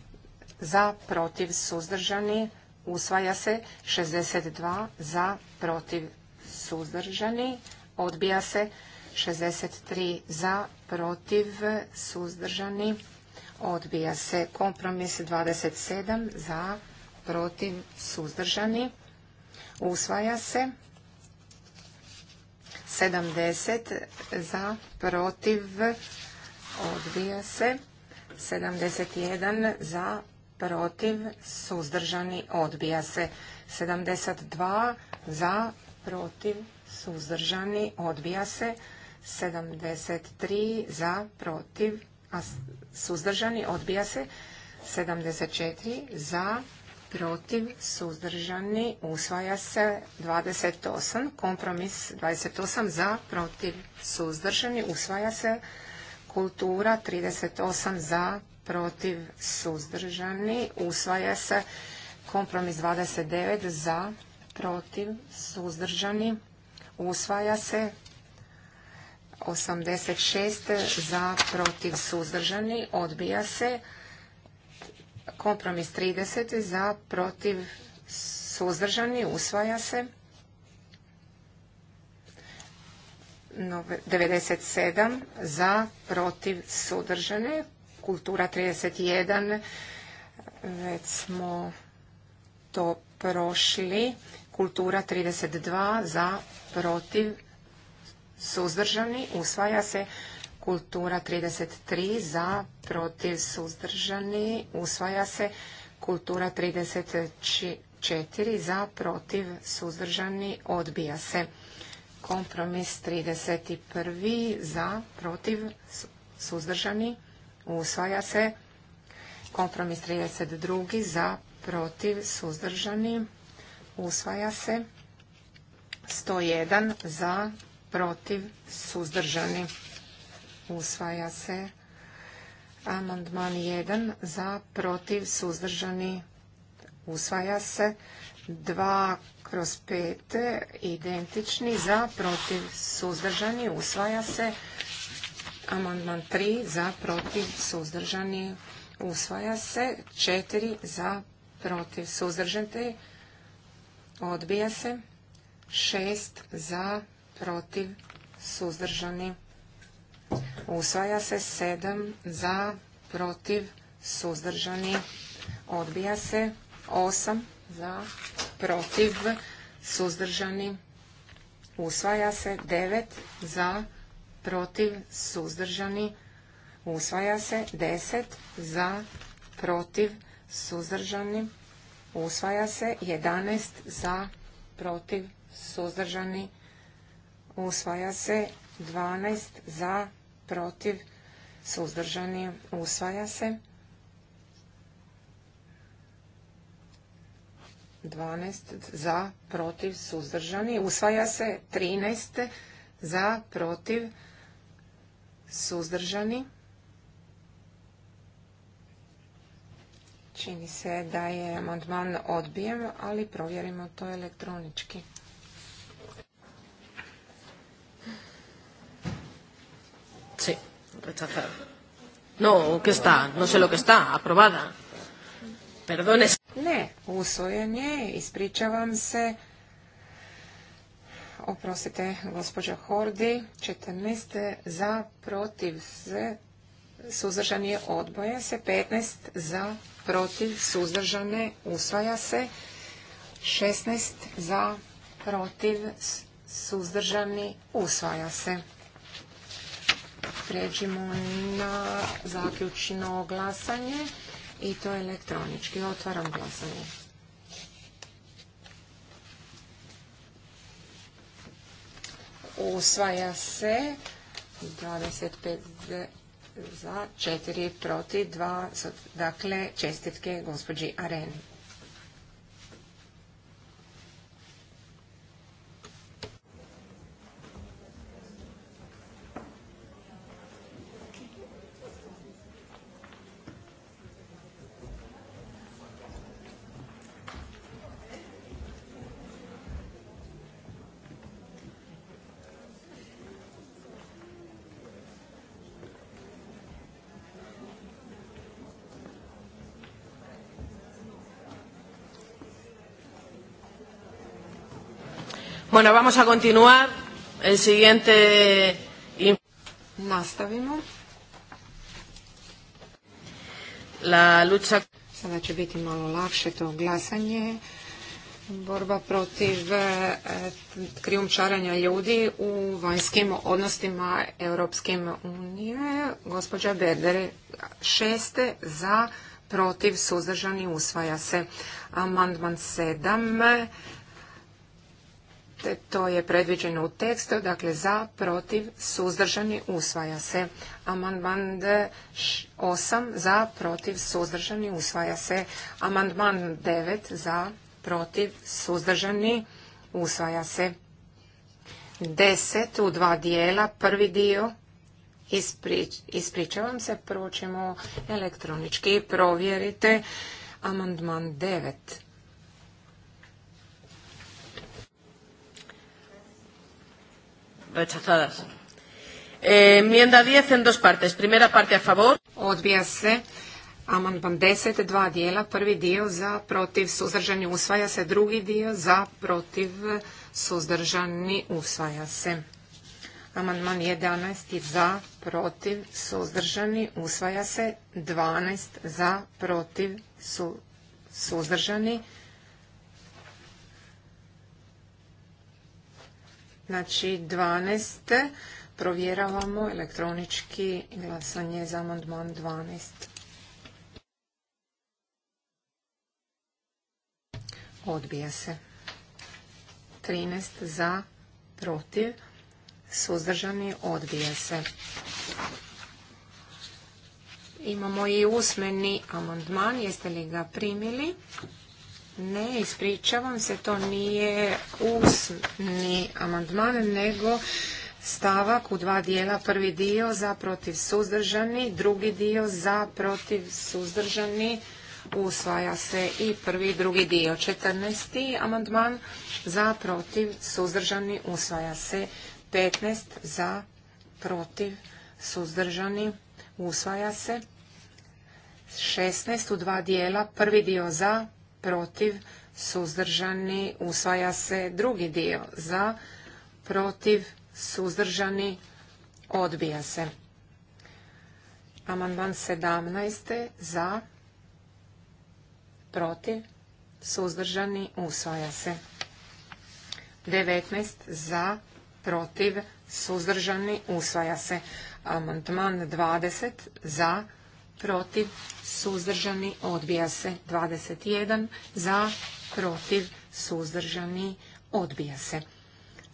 za, protiv, suzdržani, usvaja se 62 za protiv suzdržani odbija se 63 za protiv suzdržani odbija se kompromis 27 za protiv suzdržani usvaja se 70 za protiv odbija se 71 za protiv, suzdržani, odbija se. 72 za, protiv, suzdržani, odbija se. 73 za, protiv, suzdržani, odbija se. 74 za, protiv, suzdržani, usvaja se 28, kompromis 28 za, protiv, suzdržani, usvaja se kultura 38 za, protiv, suzdržani, usvaja se. Kompromis 29 za, protiv, suzdržani, usvaja se. 86 za, protiv, suzdržani, odbija se. Kompromis 30 za, protiv, suzdržani, usvaja se. 97 za, protiv, suzdržani, Kultura 31. Već smo to prošli. Kultura 32 za protiv suzdržani. Usvaja se kultura 33 za protiv suzdržani. Usvaja se kultura 34 za protiv suzdržani. Odbija se kompromis 31 za protiv suzdržani usvaja se. Kompromis 32 za, protiv, suzdržani, usvaja se. 101 za, protiv, suzdržani, usvaja se. Amandman 1 za, protiv, suzdržani, usvaja se. 2 kroz 5 identični za, protiv, suzdržani, usvaja se. Amandman 3 za protiv suzdržani usvaja se. 4 za protiv suzdržani odbija se. 6 za protiv suzdržani usvaja se. 7 za protiv suzdržani odbija se. 8 za protiv suzdržani usvaja se. 9 za protiv protiv, suzdržani, usvaja se. Deset za, protiv, suzdržani, usvaja se. 11 za, protiv, suzdržani, usvaja se. 12 za, protiv, suzdržani, usvaja se. 12 za, protiv, suzdržani. Usvaja se 13 za, protiv, suzdržani. Čini se da je amandman odbijen, ali provjerimo to elektronički. Sí, rechazado. No, que está, no sé lo que está, aprobada. Ne, usvojen je, ispričavam se oprostite, gospođa Hordi, 14 za, protiv se, suzdržan je, odboja se, 15 za, protiv, suzdržane, usvaja se, 16 za, protiv, suzdržani, usvaja se. Pređimo na zaključno glasanje i to je elektronički. Otvaram glasanje. usvaja se 25 za 4 protiv 2, dakle čestitke gospođi Areni. Bueno, vamos a continuar. El siguiente... Nastavimo. La lucha... Sada će biti malo lakše to glasanje. Borba protiv e, krijumčaranja ljudi u vanjskim odnosima Europske unije. Gospođa berdere šeste za protiv suzdržani usvaja se. Amandman sedam to je predviđeno u tekstu, dakle za, protiv, suzdržani, usvaja se. Amandman 8 za, protiv, suzdržani, usvaja se. Amandman 9 za, protiv, suzdržani, usvaja se. Deset u dva dijela, prvi dio, ispričavam se, prvo ćemo elektronički provjerite. Amandman 9. rechazadas. Eh, enmienda 10 en dos partes. Primera parte a favor. Odbija se. Amandman 10, dva dijela. Prvi dio za protiv suzdržani usvaja se. Drugi dio za protiv suzdržani usvaja se. Amandman 11 za protiv suzdržani usvaja se. 12 za protiv su, suzdržani usvaja se. Znači 12. Provjeravamo elektronički glasanje za amandman 12. Odbija se. 13 za, protiv, suzdržani, odbija se. Imamo i usmeni amandman, jeste li ga primili? Ne, ispričavam se, to nije usni amandman, nego stavak u dva dijela. Prvi dio za protiv suzdržani, drugi dio za protiv suzdržani. Usvaja se i prvi drugi dio. 14. amandman za protiv suzdržani. Usvaja se 15 za protiv suzdržani. Usvaja se 16 u dva dijela. Prvi dio za protiv, suzdržani, usvaja se drugi dio za, protiv, suzdržani, odbija se. Amandman 17. za, protiv, suzdržani, usvaja se. 19. za, protiv, suzdržani, usvaja se. Amandman 20. za, protiv, suzdržani, odbija se. 21 za, protiv, suzdržani, odbija se.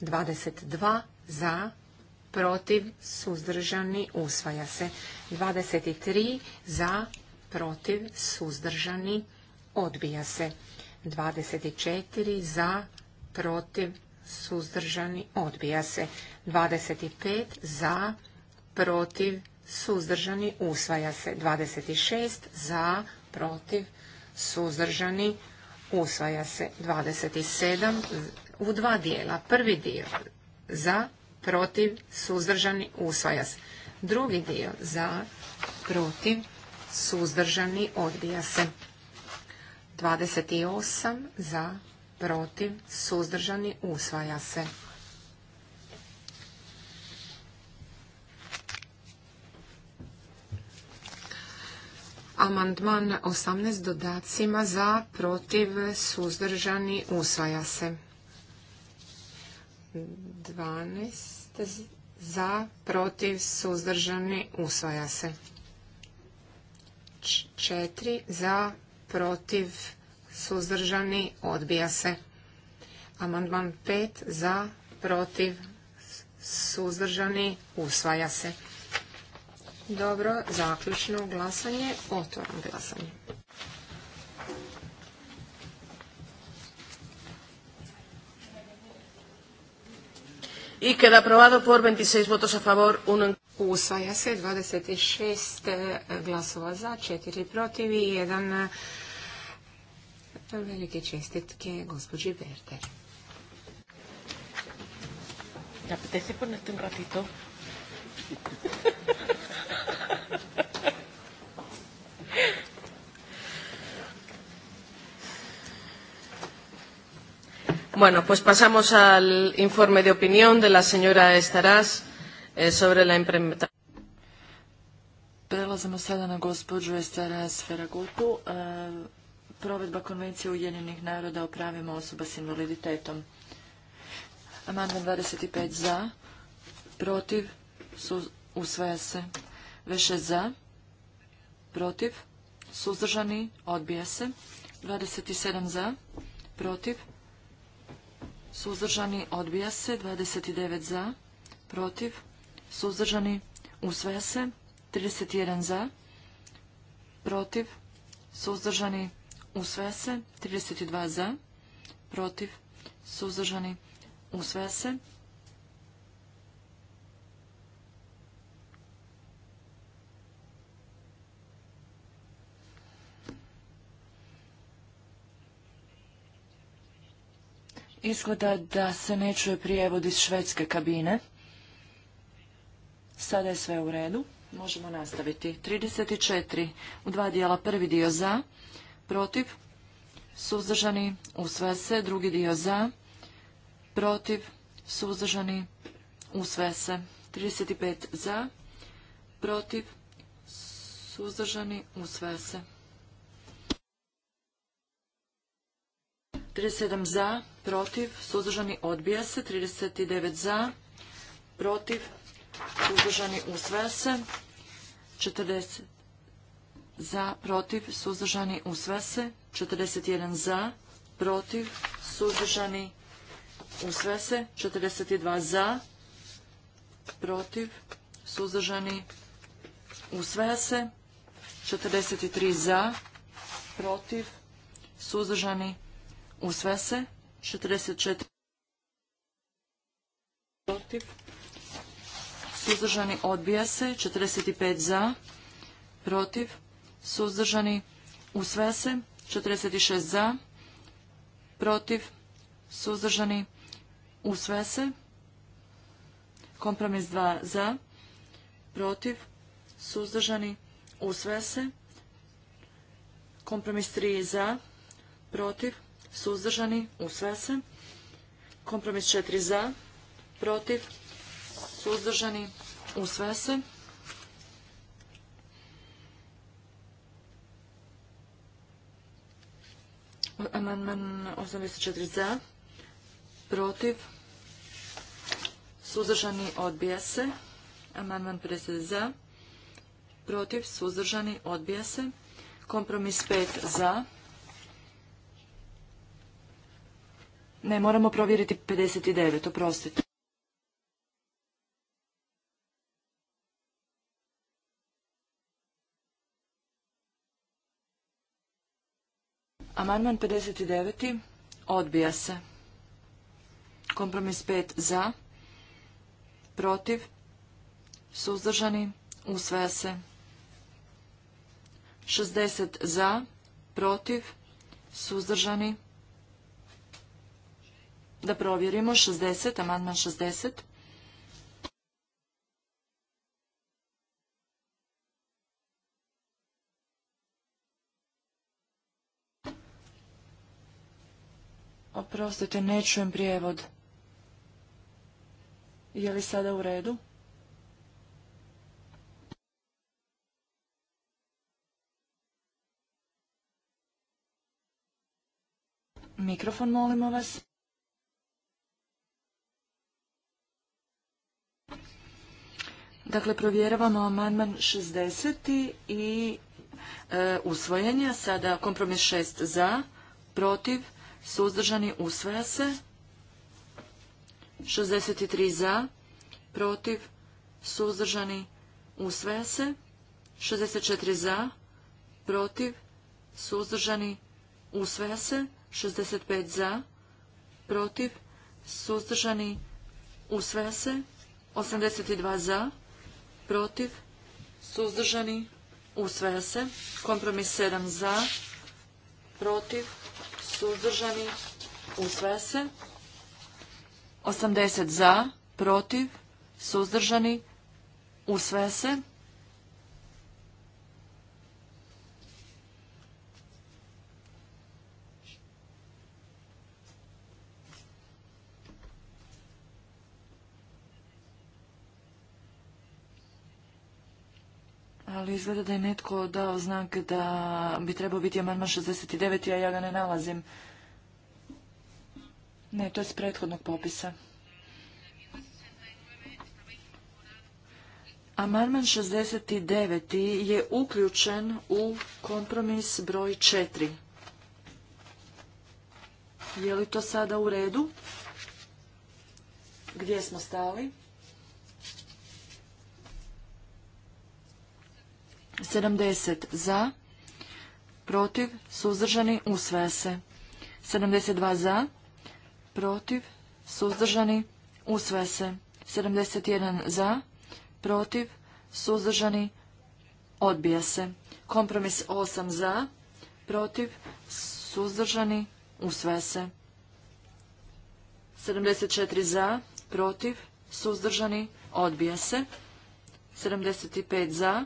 22 za, protiv, suzdržani, usvaja se. 23 za, protiv, suzdržani, odbija se. 24 za, protiv, suzdržani, odbija se. 25 za, protiv, suzdržani, usvaja se. 26 za, protiv, suzdržani, usvaja se. 27 u dva dijela. Prvi dio za, protiv, suzdržani, usvaja se. Drugi dio za, protiv, suzdržani, odbija se. 28 za, protiv, suzdržani, usvaja se. Amandman 18 dodacima za, protiv, suzdržani, usvaja se. 12 za, protiv, suzdržani, usvaja se. 4 za, protiv, suzdržani, odbija se. Amandman 5 za, protiv, suzdržani, usvaja se. Dobro, zaključno glasanje, otvoram glasanje. i queda aprobado por 26 votos a favor, 1 Usvaja se 26 eh, glasova za, 4 protiv i 1 eh, velike čestitke gospođi Berter. ¿Te apetece ponerte un ratito? Bueno, pues pasamos al informe de opinión de la señora Estarás eh, sobre la implementación. Prelazimo sada na gospođu Estaras Feragutu, eh, provedba konvencije Ujedinjenih naroda o pravima osoba s invaliditetom. Amandman 25 za, protiv, su, usvaja se. Veše za, protiv, suzdržani, odbija se. 27 za, protiv, suzdržani, odbija se. 29 za, protiv, suzdržani, usvaja se. 31 za, protiv, suzdržani, usvaja se. 32 za, protiv, suzdržani, usvaja se. Izgleda da se ne čuje prijevod iz švedske kabine. Sada je sve u redu. Možemo nastaviti. 34. U dva dijela. Prvi dio za, protiv, suzdržani, usvaja se. Drugi dio za, protiv, suzdržani, usvaja se. 35. Za, protiv, suzdržani, usvaja se. 37 za, protiv, suzdržani odbija se. 39 za, protiv, suzdržani usvaja se. 40 za, protiv, suzdržani usvaja se. 41 za, protiv, suzdržani usvaja se. 42 za, protiv, suzdržani usvaja se. 43 za, protiv, suzdržani usvaja se. Usvaja se. 44 protiv. Suzdržani odbija se. 45 za. Protiv. Suzdržani usvaja se. 46 za. Protiv. Suzdržani usvaja se. Kompromis 2 za. Protiv. Suzdržani usvaja se. Kompromis 3 za. Protiv suzdržani, usvaja se. Kompromis 4 za, protiv, suzdržani, usvaja se. Amandman 84 za, protiv, suzdržani, odbija se. Amandman 50 za, protiv, suzdržani, odbija se. Kompromis 5 za, Ne, moramo provjeriti 59, oprostite. Amandman 59. Odbija se. Kompromis 5 za, protiv, suzdržani, usvaja se. 60 za, protiv, suzdržani, da provjerimo 60, amandman 60. Oprostite, ne čujem prijevod. Je li sada u redu? Mikrofon molimo vas. Dakle, provjeravamo amandman 60. i e, usvojenja. Sada kompromis 6 za, protiv, suzdržani, usvaja se. 63 za, protiv, suzdržani, usvaja se. 64 za, protiv, suzdržani, usvaja se. 65 za, protiv, suzdržani, usvaja se. 82 za, protiv, suzdržani, usvaja se. Kompromis 7 za, protiv, suzdržani, usvaja se. 80 za, protiv, suzdržani, usvaja se. Ali izgleda da je netko dao znak da bi trebao biti amandman 69, a ja ga ne nalazim. Ne, to je s prethodnog popisa. Amandman 69. je uključen u kompromis broj 4. Je li to sada u redu? Gdje smo stali? 70 za, protiv, suzdržani, usvaja se. 72 za, protiv, suzdržani, usvaja se. 71 za, protiv, suzdržani, odbija se. Kompromis 8 za, protiv, suzdržani, usvaja se. 74 za, protiv, suzdržani, odbija se. 75 za,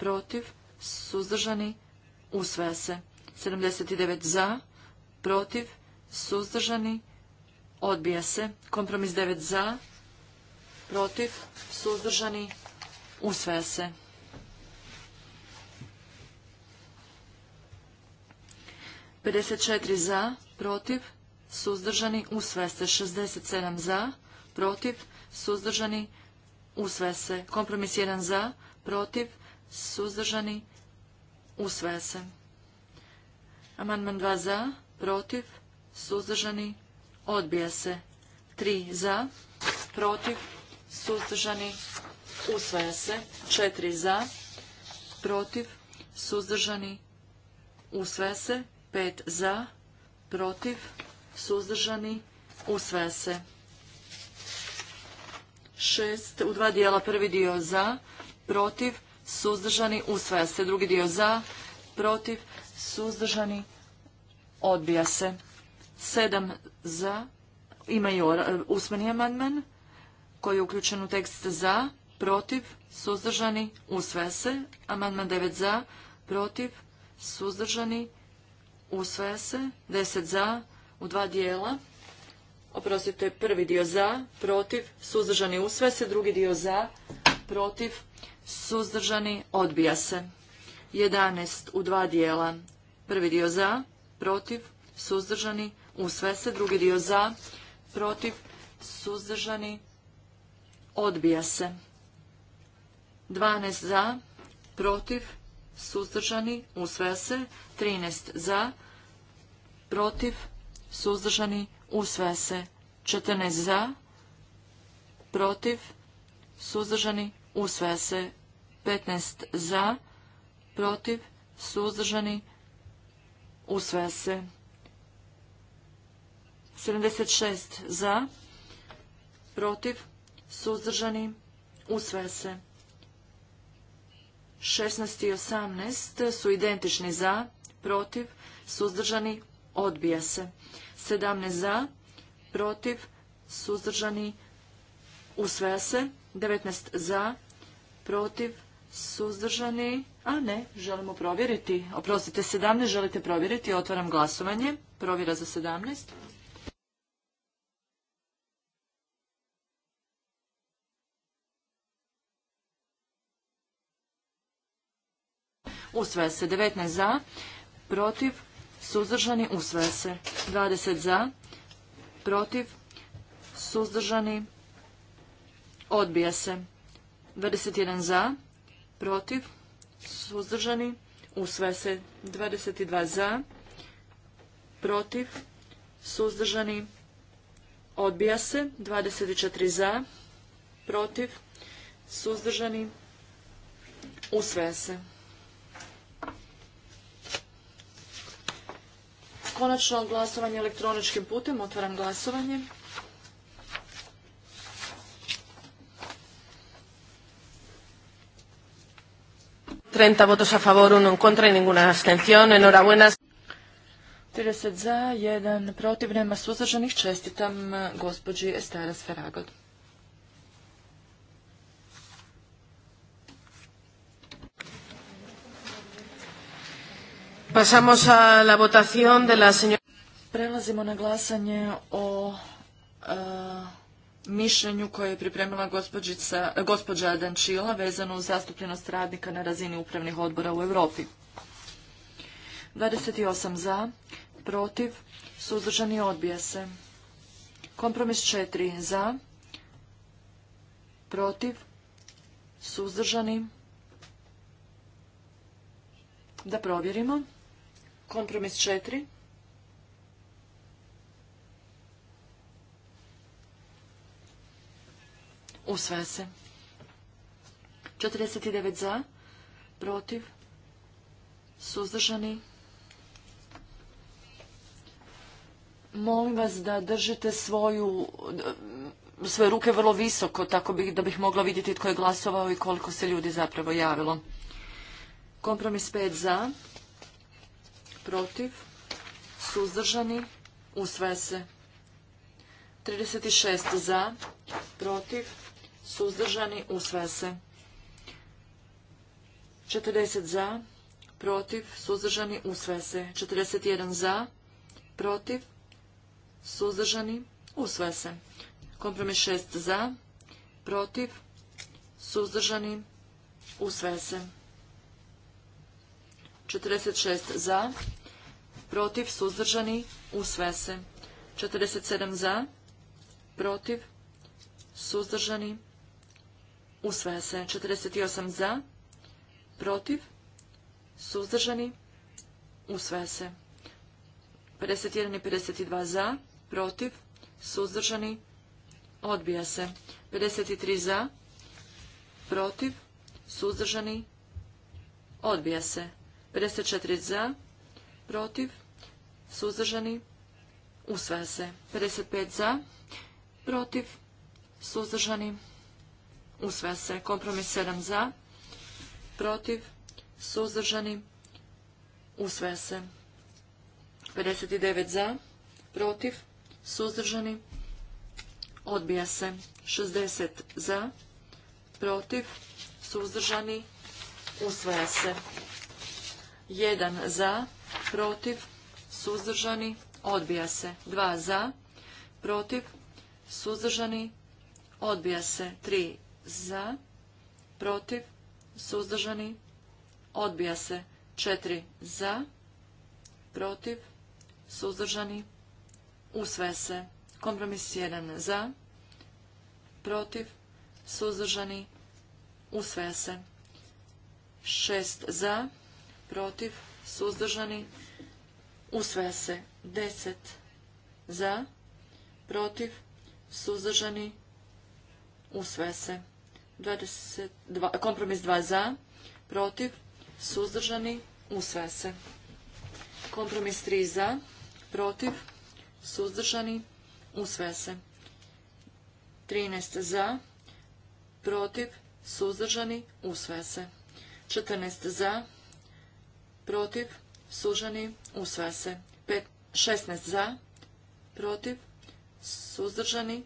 protiv, suzdržani, usvaja se. 79 za, protiv, suzdržani, odbija se. Kompromis 9 za, protiv, suzdržani, usvaja se. Pedeset četiri za, protiv, suzdržani, usvaja se. Šestdeset sedam za, protiv, suzdržani, usvaja se. Kompromis jedan za, protiv, suzdržani, usvaja se. Amandman 2 za, protiv, suzdržani, odbija se. 3 za, protiv, suzdržani, usvaja se. 4 za, protiv, suzdržani, usvaja se. 5 za, protiv, suzdržani, usvaja se. 6 u dva dijela, prvi dio za, protiv, suzdržani, usvaja se. Drugi dio za, protiv, suzdržani, odbija se. Sedam za, imaju usmeni amandman koji je uključen u tekst za, protiv, suzdržani, usvaja se. Amandman devet za, protiv, suzdržani, usvaja se. deset za, u dva dijela. Oprostite, prvi dio za, protiv, suzdržani, usvaja se. Drugi dio za, protiv, suzdržani, odbija se. 11 u dva dijela. Prvi dio za, protiv, suzdržani, usve se. Drugi dio za, protiv, suzdržani, odbija se. 12 za, protiv, suzdržani, usve se. 13 za, protiv, suzdržani, usve se. 14 za, protiv, suzdržani, usve se. 15 za, protiv, suzdržani, usvaja se. 76 za, protiv, suzdržani, usvaja se. 16 i 18 su identični za, protiv, suzdržani, odbija se. 17 za, protiv, suzdržani, usvaja se. 19 za, protiv, suzdržani, a ne, želimo provjeriti. Oprostite, 17 želite provjeriti, otvaram glasovanje. Provjera za 17. Usvaja se 19 za, protiv, suzdržani, usvaja se 20 za, protiv, suzdržani, odbija se 21 za, protiv, suzdržani, usvaja se 22 za, protiv, suzdržani, odbija se 24 za, protiv, suzdržani, usvaja se. Konačno glasovanje elektroničkim putem, otvaram glasovanje. 30 votos a favor, uno en contra y ninguna abstención. Enhorabuena. 30 za, 1 protiv, nema suzdržanih. Čestitam eh, gospođi Estaras Feragod. Pasamos a la votación de la señora... Prelazimo na glasanje o... Uh, mišljenju koje je pripremila gospođa Dančila vezano uz zastupljenost radnika na razini upravnih odbora u Europi. 28 za, protiv, suzdržani odbija se. Kompromis 4 za, protiv, suzdržani, da provjerimo. Kompromis 4. Usvaja se. 49 za, protiv, suzdržani. Molim vas da držite svoju, svoje ruke vrlo visoko, tako bih, da bih mogla vidjeti tko je glasovao i koliko se ljudi zapravo javilo. Kompromis 5 za, protiv, suzdržani, usvaja se. 36 za, protiv, suzdržani, usvaja se. 40 za, protiv, suzdržani, usvaja se. 41 za, protiv, suzdržani, usvaja se. Kompromis 6 za, protiv, suzdržani, usvaja se. 46 za, protiv, suzdržani, usvaja se. 47 za, protiv, suzdržani, Usvaja se. 48 za. Protiv. Suzdržani. Usvaja se. 51 i 52 za. Protiv. Suzdržani. Odbija se. 53 za. Protiv. Suzdržani. Odbija se. 54 za. Protiv. Suzdržani. Usvaja se. 55 za. Protiv. Suzdržani. Usvaja se. Kompromis 7 za. Protiv. Suzdržani. Usvaja se. 59 za. Protiv. Suzdržani. Odbija se. 60 za. Protiv. Suzdržani. Usvaja se. 1 za. Protiv. Suzdržani. Odbija se. 2 za. Protiv. Suzdržani. Odbija se. 3 za, protiv, suzdržani, odbija se. Četiri. za, protiv, suzdržani, usvaja se. Kompromis jedan. za, protiv, suzdržani, usvaja se. Šest. za, protiv, suzdržani, usvaja se. Deset. za, protiv, suzdržani, usvaja se. 22, kompromis 2 za, protiv, suzdržani, usvaja se. Kompromis 3 za, protiv, suzdržani, usvaja se. 13 za, protiv, suzdržani, usvaja se. 14 za, protiv, suzdržani, usvaja se. 16 za, protiv, suzdržani,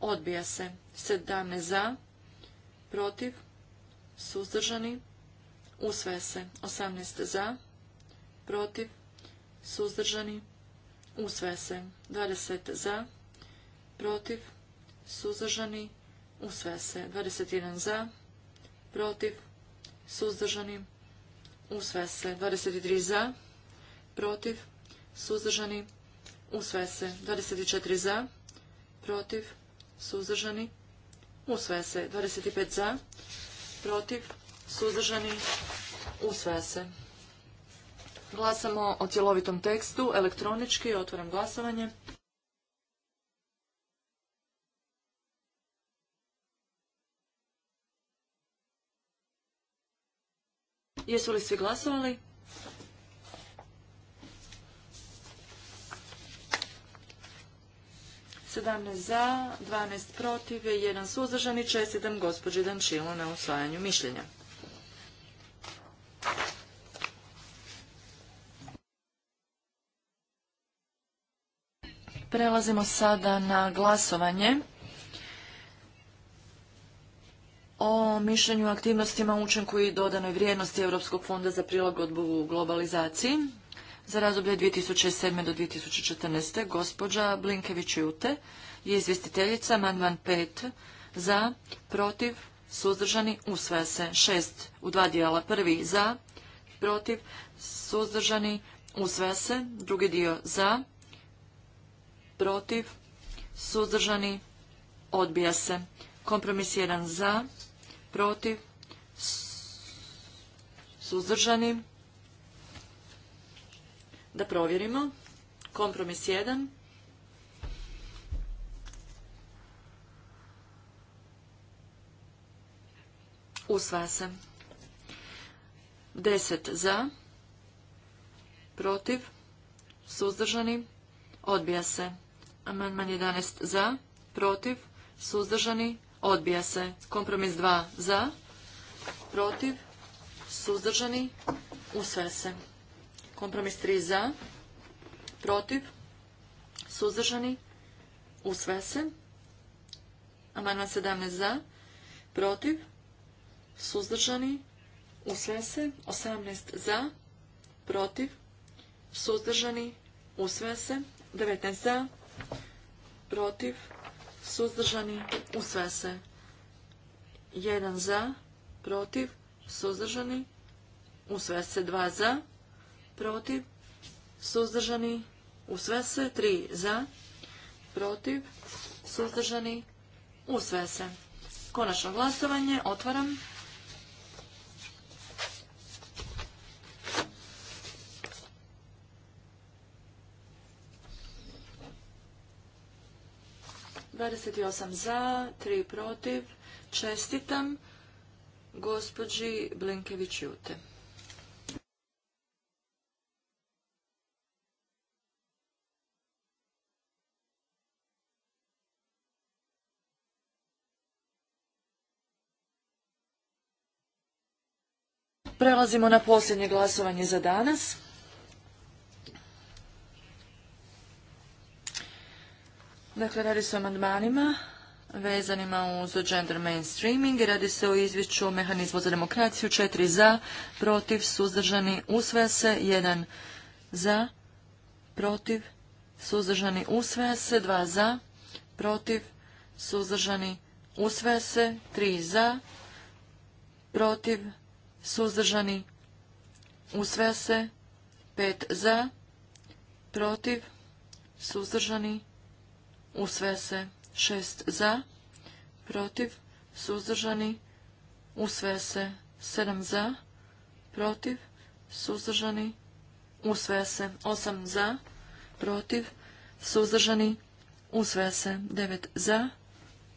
odbija se. 17 za, protiv, suzdržani, usvaja se. 18 za, protiv, suzdržani, usvaja se. 20 za, protiv, suzdržani, usvaja se. 21 za, protiv, suzdržani, usvaja se. 23 za, protiv, suzdržani, usvaja se. 24 za, protiv, suzdržani, usvaja se. 25 za, protiv, suzdržani, usvaja se. Glasamo o cjelovitom tekstu, elektronički, otvaram glasovanje. Jesu li svi glasovali? 17 za, 12 protiv, 1 suzdržan i 7 gospođe Dančilo na usvajanju mišljenja. Prelazimo sada na glasovanje o mišljenju aktivnostima učenku i dodanoj vrijednosti Europskog fonda za prilagodbu globalizaciji za razdoblje 2007. do 2014. Gospođa Blinkević-Jute je izvjestiteljica amandman pet za, protiv, suzdržani, usvaja se. 6 u dva dijela. Prvi za, protiv, suzdržani, usvaja se. Drugi dio za, protiv, suzdržani, odbija se. Kompromis jedan za, protiv, suzdržani, da provjerimo. Kompromis 1. Usvaja se. 10 za, protiv, suzdržani, odbija se. Amandman 11 za, protiv, suzdržani, odbija se. Kompromis 2 za, protiv, suzdržani, usvaja se. Kompromis 3 za, protiv, suzdržani, usve se. Amandman 17 za, protiv, suzdržani, usvaja se. 18 za, protiv, suzdržani, usvaja se. 19 za, protiv, suzdržani, usve se. 1 za, protiv, suzdržani, usve se. 2 za, protiv, suzdržani, sve se. 3 za, protiv, suzdržani, sve se. Konačno glasovanje, otvaram. Dvadeset osam za, tri protiv. Čestitam gospođi Blinkević Jute. Prelazimo na posljednje glasovanje za danas. Dakle, radi se o amandmanima vezanima uz gender mainstreaming. Radi se o izvješću o mehanizmu za demokraciju. Četiri za, protiv, suzdržani, usvaja se. Jedan za, protiv, suzdržani, usvaja se. Dva za, protiv, suzdržani, usvaja se. Tri za, protiv, suzdržani, usvaja se, 5 za, protiv, suzdržani, usvaja se, šest za, protiv, suzdržani, usvaja se, 7 za, protiv, suzdržani, usvaja se, 8 za, protiv, suzdržani, usvaja se, 9 za,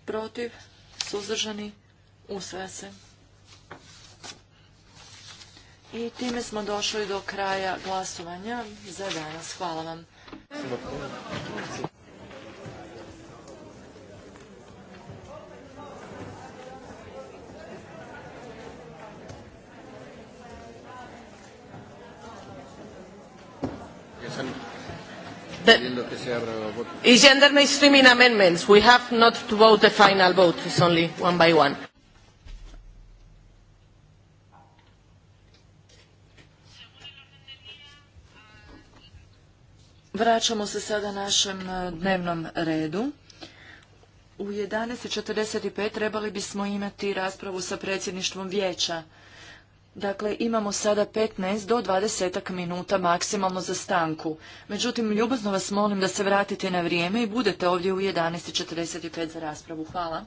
protiv, suzdržani, usvaja se. I time smo došli do kraja glasovanja za danas. Hvala vam. The, is gender mainstreaming amendments. We have not to vote the final vote. It's only one by one. Vraćamo se sada našem e, dnevnom redu. U 11.45 trebali bismo imati raspravu sa predsjedništvom vijeća. Dakle, imamo sada 15 do 20 minuta maksimalno za stanku. Međutim, ljubazno vas molim da se vratite na vrijeme i budete ovdje u 11.45 za raspravu. Hvala.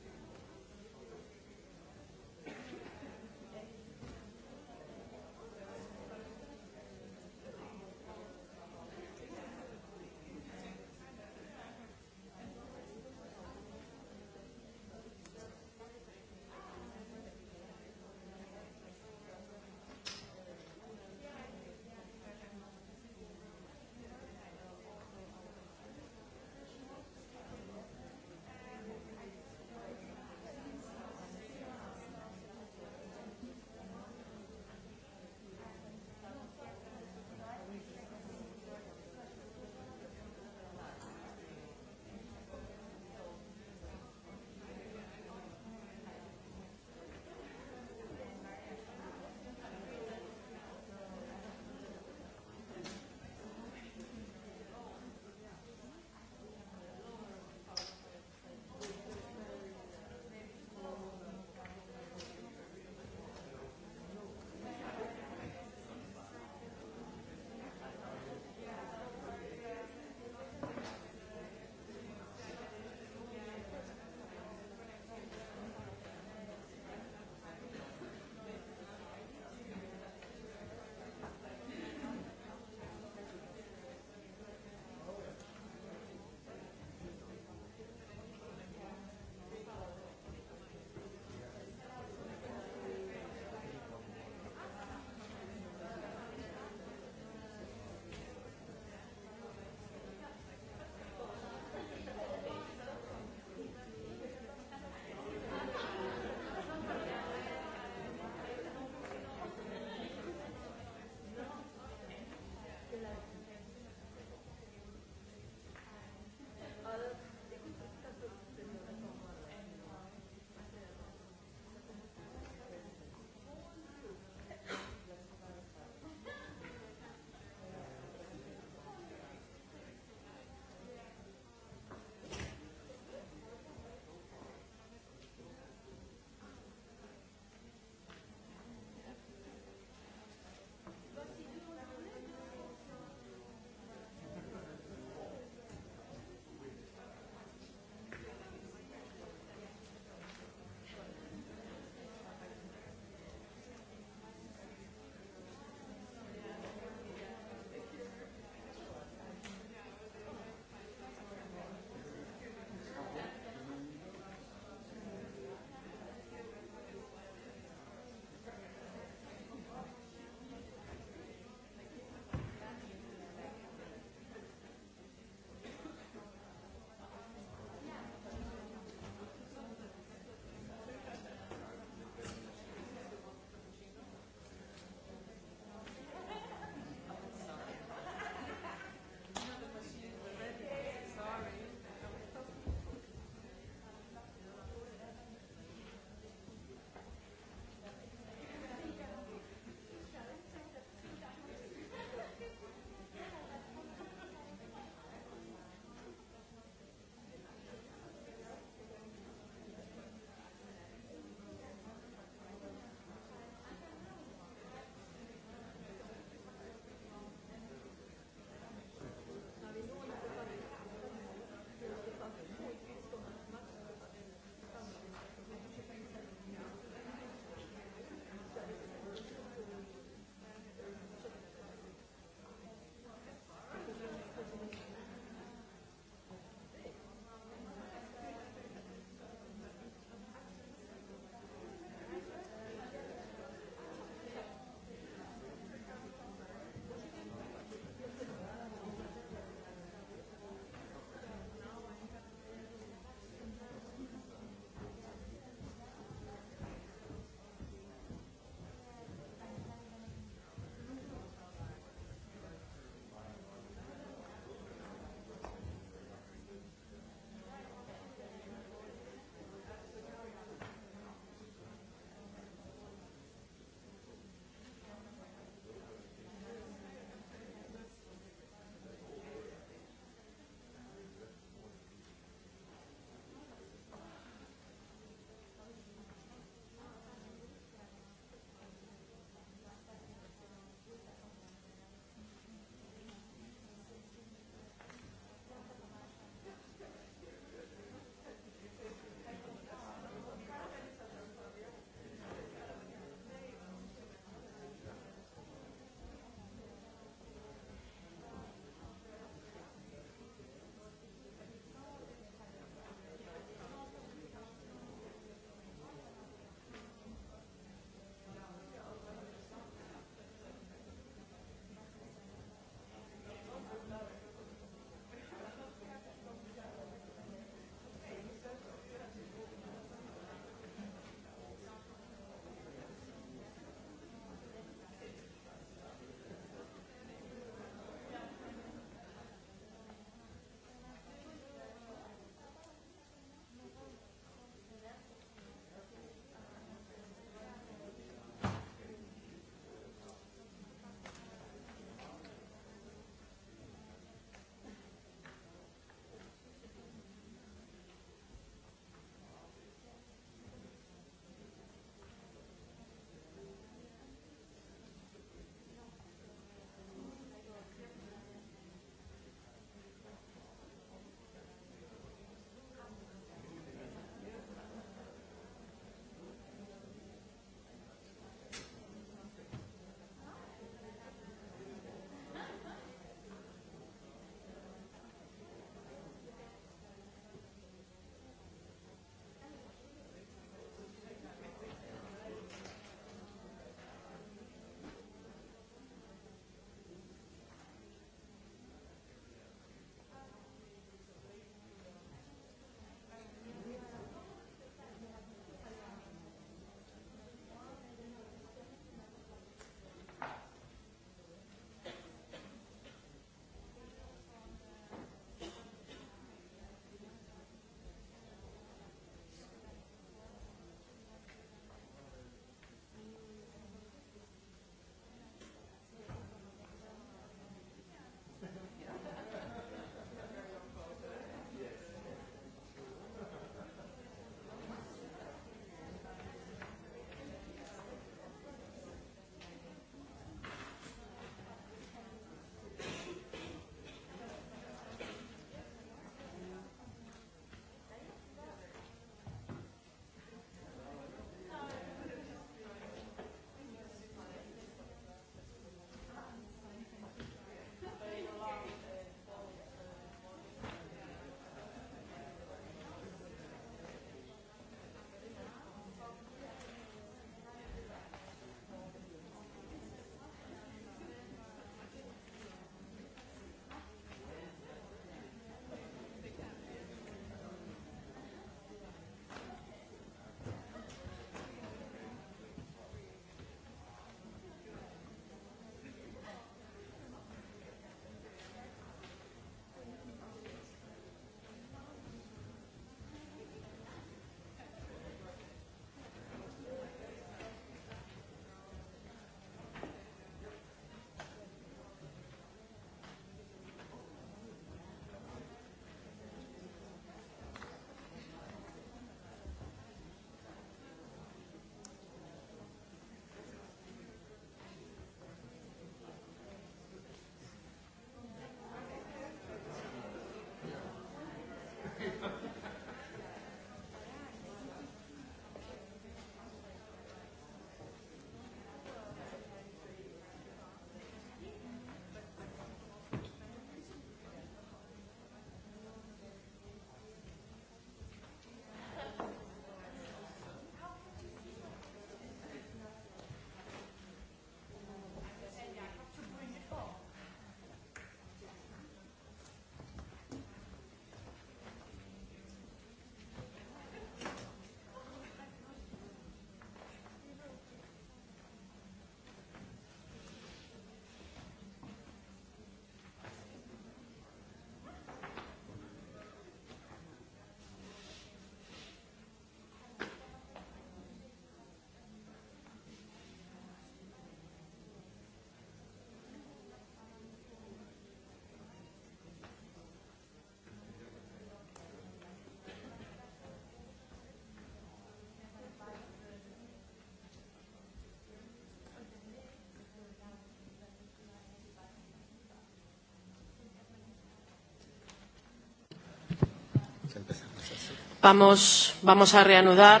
Vamos, vamos a reanudar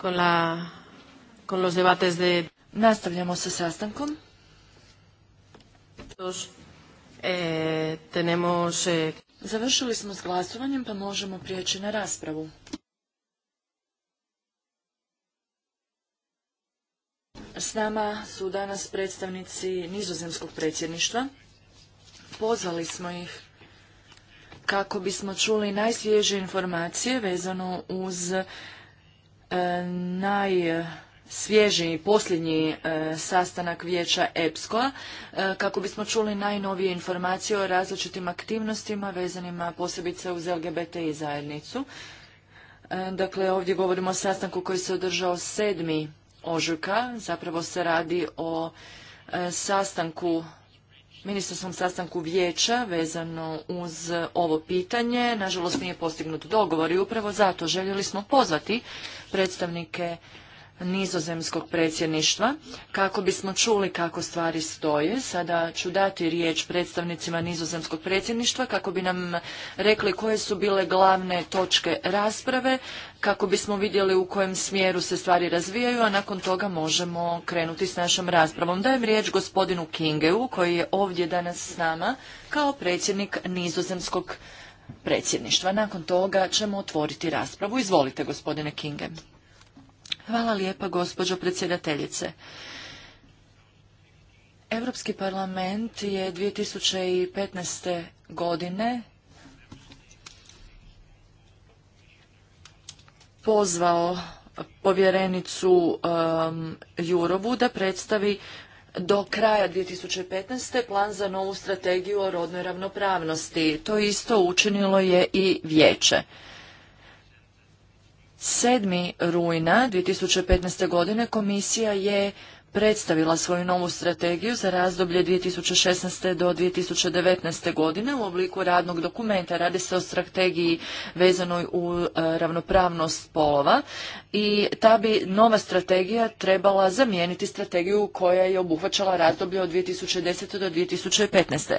con, la, con los debates de... Nastavljamo sa sastankom. E, tenemos, eh, Završili smo s glasovanjem pa možemo prijeći na raspravu. S nama su danas predstavnici nizozemskog predsjedništva. Pozvali smo ih kako bismo čuli najsvježe informacije vezano uz e, najsvježiji, i posljednji e, sastanak vijeća EPSCO-a e, kako bismo čuli najnovije informacije o različitim aktivnostima vezanima posebice uz i zajednicu. dakle, ovdje govorimo o sastanku koji se održao 7. ožujka. Zapravo se radi o sastanku ministarskom sastanku vijeća vezano uz ovo pitanje. Nažalost nije postignut dogovor i upravo zato željeli smo pozvati predstavnike nizozemskog predsjedništva kako bismo čuli kako stvari stoje. Sada ću dati riječ predstavnicima nizozemskog predsjedništva kako bi nam rekli koje su bile glavne točke rasprave, kako bismo vidjeli u kojem smjeru se stvari razvijaju, a nakon toga možemo krenuti s našom raspravom. Dajem riječ gospodinu Kingeu koji je ovdje danas s nama kao predsjednik nizozemskog predsjedništva. Nakon toga ćemo otvoriti raspravu. Izvolite, gospodine Kinge. Hvala lijepa, gospođo predsjedateljice. Europski parlament je 2015. godine pozvao povjerenicu um, Jurovu da predstavi do kraja 2015. plan za novu strategiju o rodnoj ravnopravnosti. To isto učinilo je i vijeće. 7. rujna 2015. godine komisija je predstavila svoju novu strategiju za razdoblje 2016. do 2019. godine u obliku radnog dokumenta. Radi se o strategiji vezanoj u e, ravnopravnost polova i ta bi nova strategija trebala zamijeniti strategiju koja je obuhvaćala razdoblje od 2010. do 2015.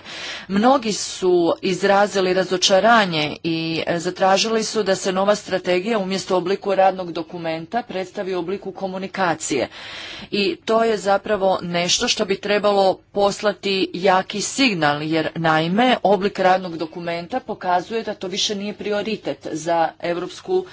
Mnogi su izrazili razočaranje i e, zatražili su da se nova strategija umjesto obliku radnog dokumenta predstavi u obliku komunikacije. I to je zapravo nešto što bi trebalo poslati jaki signal, jer naime oblik radnog dokumenta pokazuje da to više nije prioritet za Europsku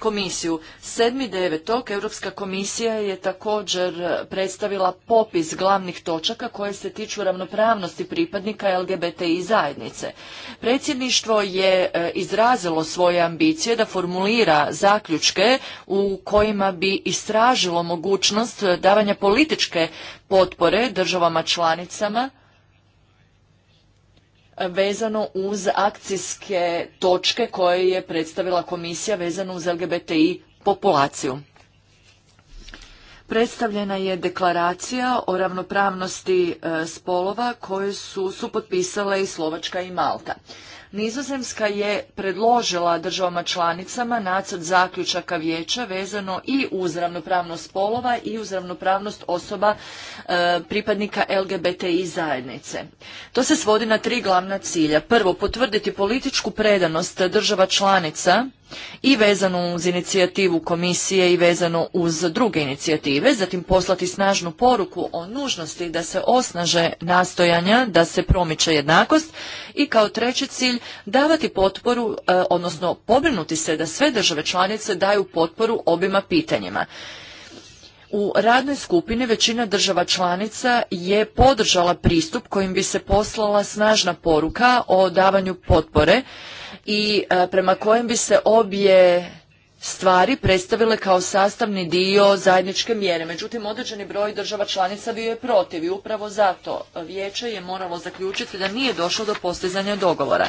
komisiju. 7.9. Europska komisija je također predstavila popis glavnih točaka koje se tiču ravnopravnosti pripadnika LGBTI zajednice. Predsjedništvo je e, izrazilo svoje ambicije da formulira zaključke u kojima bi istražilo mogućnost davanja političke potpore državama članicama vezano uz akcijske točke koje je predstavila komisija vezano uz LGBTI populaciju. Predstavljena je deklaracija o ravnopravnosti e, spolova koju su, su potpisale i Slovačka i Malta. Nizozemska je predložila državama članicama nacrt zaključaka vijeća vezano i uz ravnopravnost spolova i uz ravnopravnost osoba e, pripadnika LGBTI zajednice. To se svodi na tri glavna cilja. Prvo, potvrditi političku predanost država članica i vezano uz inicijativu komisije i vezano uz druge inicijative, zatim poslati snažnu poruku o nužnosti da se osnaže nastojanja, da se promiče jednakost i kao treći cilj davati potporu, e, odnosno pobrinuti se da sve države članice daju potporu obima pitanjima. U radnoj skupini većina država članica je podržala pristup kojim bi se poslala snažna poruka o davanju potpore i e, prema kojem bi se obje stvari predstavile kao sastavni dio zajedničke mjere. Međutim, određeni broj država članica bio je protiv i upravo zato vijeće je moralo zaključiti da nije došlo do postizanja dogovora.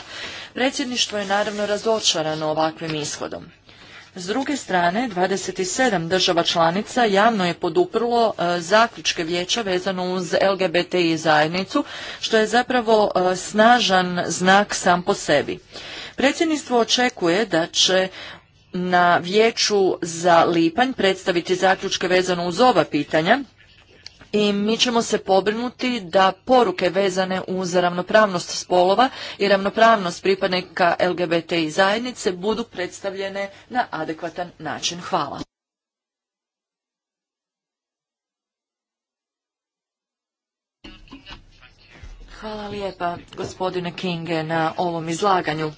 Predsjedništvo je naravno razočarano ovakvim ishodom. S druge strane, 27 država članica javno je poduprlo e, zaključke vijeća vezano uz LGBTI zajednicu, što je zapravo e, snažan znak sam po sebi. Predsjedništvo očekuje da će na vijeću za lipanj predstaviti zaključke vezano uz ova pitanja i mi ćemo se pobrinuti da poruke vezane uz ravnopravnost spolova i ravnopravnost pripadnika i zajednice budu predstavljene na adekvatan način. Hvala. Hvala lijepa gospodine Kinge na ovom izlaganju.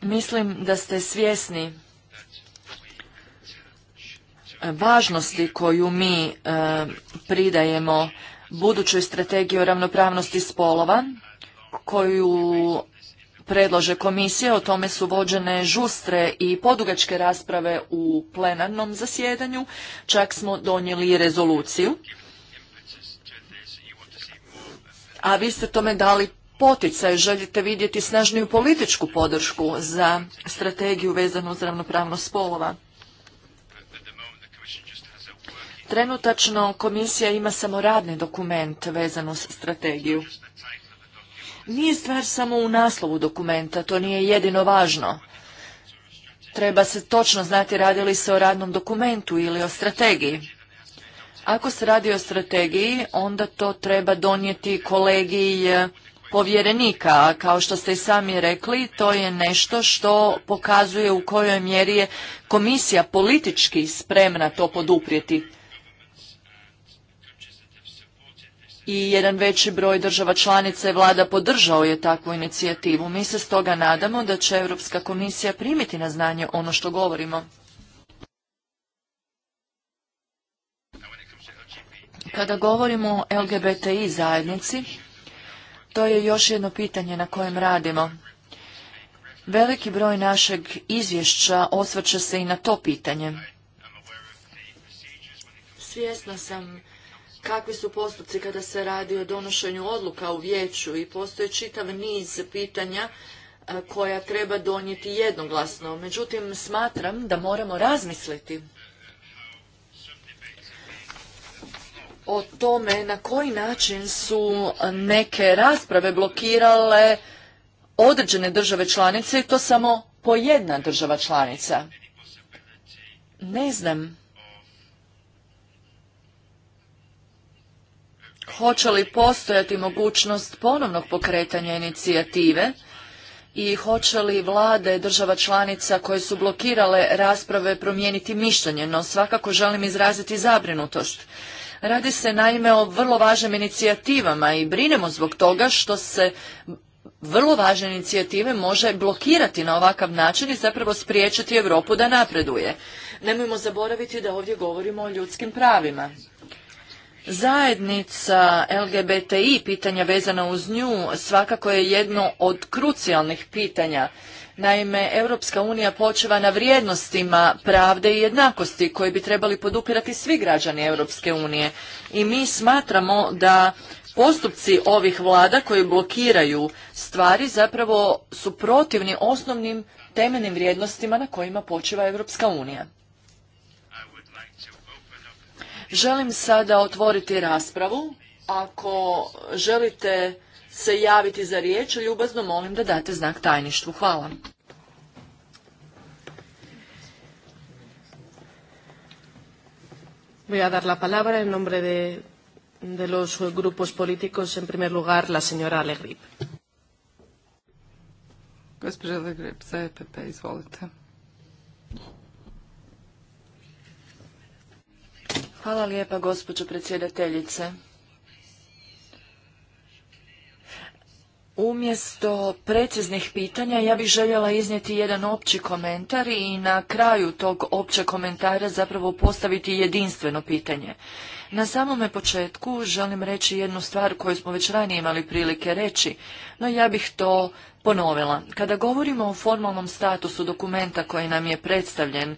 Mislim da ste svjesni eh, važnosti koju mi eh, pridajemo budućoj strategiji o ravnopravnosti spolova koju predlože komisije, o tome su vođene žustre i podugačke rasprave u plenarnom zasjedanju, čak smo donijeli rezoluciju. A vi ste tome dali poticaj, želite vidjeti snažniju političku podršku za strategiju vezanu uz ravnopravnost spolova. Trenutačno komisija ima samo radni dokument vezan uz strategiju. Nije stvar samo u naslovu dokumenta, to nije jedino važno. Treba se točno znati radi li se o radnom dokumentu ili o strategiji. Ako se radi o strategiji, onda to treba donijeti kolegiji povjerenika. A kao što ste i sami rekli, to je nešto što pokazuje u kojoj mjeri je komisija politički spremna to poduprijeti. i jedan veći broj država članica vlada podržao je takvu inicijativu. Mi se stoga nadamo da će Europska komisija primiti na znanje ono što govorimo. Kada govorimo o LGBTI zajednici, to je još jedno pitanje na kojem radimo. Veliki broj našeg izvješća osvrće se i na to pitanje. Svjesna sam kakvi su postupci kada se radi o donošenju odluka u vijeću i postoje čitav niz pitanja e, koja treba donijeti jednoglasno. Međutim, smatram da moramo razmisliti o tome na koji način su neke rasprave blokirale određene države članice i to samo po jedna država članica. Ne znam. Hoće li postojati mogućnost ponovnog pokretanja inicijative i hoće li vlade država članica koje su blokirale rasprave promijeniti mišljenje, no svakako želim izraziti zabrinutost. Radi se naime o vrlo važnim inicijativama i brinemo zbog toga što se vrlo važne inicijative može blokirati na ovakav način i zapravo spriječiti Europu da napreduje. Nemojmo zaboraviti da ovdje govorimo o ljudskim pravima. Zajednica LGBTI pitanja vezana uz nju svakako je jedno od krucijalnih pitanja Naime, Europska unija počeva na vrijednostima pravde i jednakosti koje bi trebali podupirati svi građani Europske unije. I mi smatramo da postupci ovih vlada koji blokiraju stvari zapravo su protivni osnovnim temeljnim vrijednostima na kojima počeva Europska unija. Želim sada otvoriti raspravu. Ako želite se javiti za riječ, ljubazno molim da date znak tajništvu. Hvala. Voy a dar la palabra en nombre de, de los grupos políticos. En primer lugar, la señora Alegrip. Gospođa e izvolite. Hvala lijepa, gospođo predsjedateljice. Umjesto preciznih pitanja ja bih željela iznijeti jedan opći komentar i na kraju tog općeg komentara zapravo postaviti jedinstveno pitanje. Na samome početku želim reći jednu stvar koju smo već ranije imali prilike reći, no ja bih to ponovila. Kada govorimo o formalnom statusu dokumenta koji nam je predstavljen,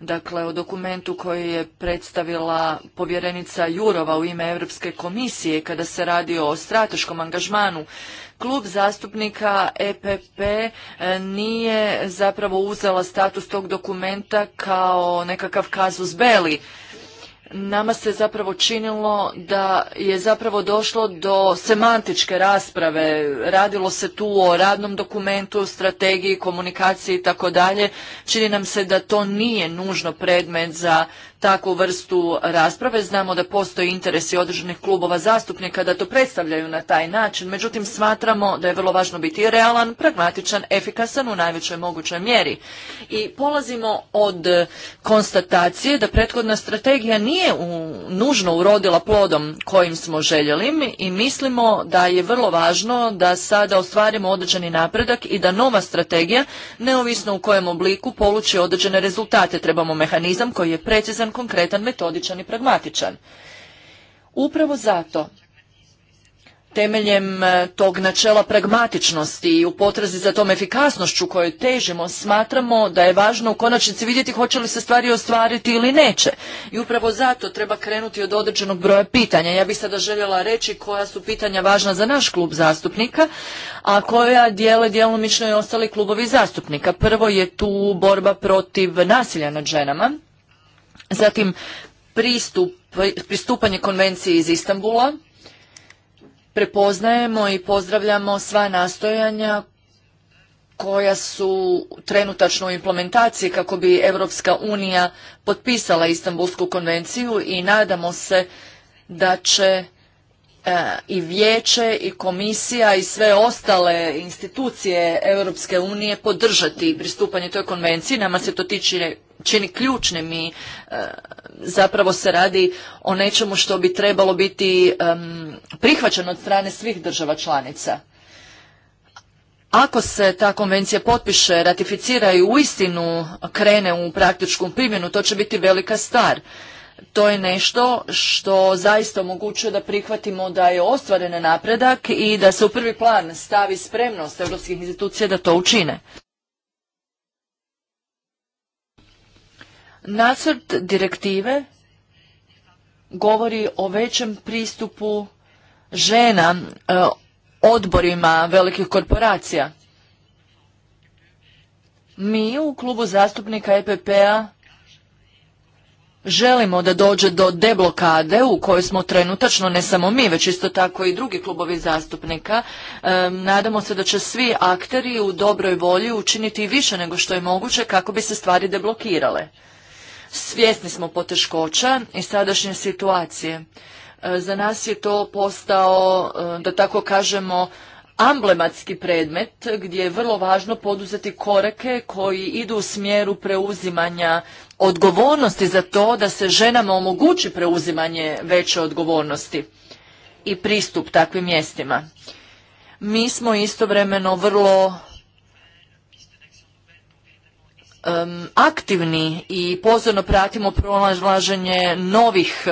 dakle o dokumentu koji je predstavila povjerenica Jurova u ime Europske komisije kada se radi o strateškom angažmanu Klub zastupnika EPP e, nije zapravo uzela status tog dokumenta kao nekakav kazus beli. Nama se zapravo činilo da je zapravo došlo do semantičke rasprave. Radilo se tu o radnom dokumentu, strategiji, komunikaciji i tako dalje. Čini nam se da to nije nužno predmet za takvu vrstu rasprave. Znamo da postoji interesi određenih klubova zastupnika da to predstavljaju na taj način, međutim smatramo da je vrlo važno biti realan, pragmatičan, efikasan u najvećoj mogućoj mjeri. I polazimo od konstatacije da prethodna strategija nije nužno urodila plodom kojim smo željeli i mislimo da je vrlo važno da sada ostvarimo određeni napredak i da nova strategija, neovisno u kojem obliku, poluči određene rezultate. Trebamo mehanizam koji je precizan precizan, konkretan, metodičan i pragmatičan. Upravo zato temeljem e, tog načela pragmatičnosti i u potrazi za tom efikasnošću kojoj težimo, smatramo da je važno u konačnici vidjeti hoće li se stvari ostvariti ili neće. I upravo zato treba krenuti od određenog broja pitanja. Ja bih sada željela reći koja su pitanja važna za naš klub zastupnika, a koja dijele djelomično i ostali klubovi zastupnika. Prvo je tu borba protiv nasilja nad ženama. Zatim pristup, pristupanje konvenciji iz Istambula. Prepoznajemo i pozdravljamo sva nastojanja koja su trenutačno u implementaciji kako bi Europska unija potpisala Istanbulsku konvenciju i nadamo se da će E, i vijeće i komisija i sve ostale institucije Europske unije podržati pristupanje toj konvenciji. Nama se to tiče čini ključnim i e, zapravo se radi o nečemu što bi trebalo biti prihvaćeno od strane svih država članica. Ako se ta konvencija potpiše, ratificira i uistinu krene u praktičku primjenu, to će biti velika stvar to je nešto što zaista omogućuje da prihvatimo da je ostvaren napredak i da se u prvi plan stavi spremnost europskih institucija da to učine. Nacrt direktive govori o većem pristupu žena e, odborima velikih korporacija. Mi u klubu zastupnika EPP-a Želimo da dođe do deblokade u kojoj smo trenutačno, ne samo mi, već isto tako i drugi klubovi zastupnika. E, nadamo se da će svi akteri u dobroj volji učiniti više nego što je moguće kako bi se stvari deblokirale. Svjesni smo poteškoća i sadašnje situacije. E, za nas je to postao, e, da tako kažemo, amblematski predmet gdje je vrlo važno poduzeti korake koji idu u smjeru preuzimanja odgovornosti za to da se ženama omogući preuzimanje veće odgovornosti i pristup takvim mjestima. Mi smo istovremeno vrlo aktivni i pozorno pratimo pronalaženje novih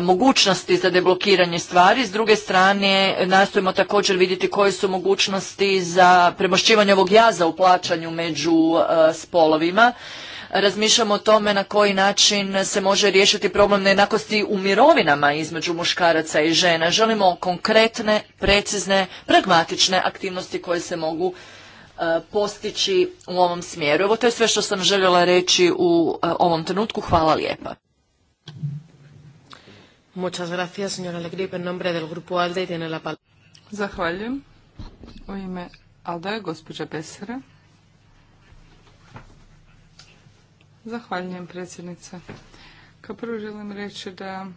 mogućnosti za deblokiranje stvari. S druge strane, nastojimo također vidjeti koje su mogućnosti za premošćivanje ovog jaza u plaćanju među e, spolovima razmišljamo o tome na koji način se može riješiti problem nejednakosti u mirovinama između muškaraca i žena. Želimo konkretne, precizne, pragmatične aktivnosti koje se mogu e, postići u ovom smjeru. Evo to je sve što sam željela reći u e, ovom trenutku. Hvala lijepa. Muchas gracias, señora En nombre del grupo ALDE la Zahvaljujem. U ime ALDE, gospođa Besera. Zahvaljujem predsjednice. Kao prvo želim reći da e,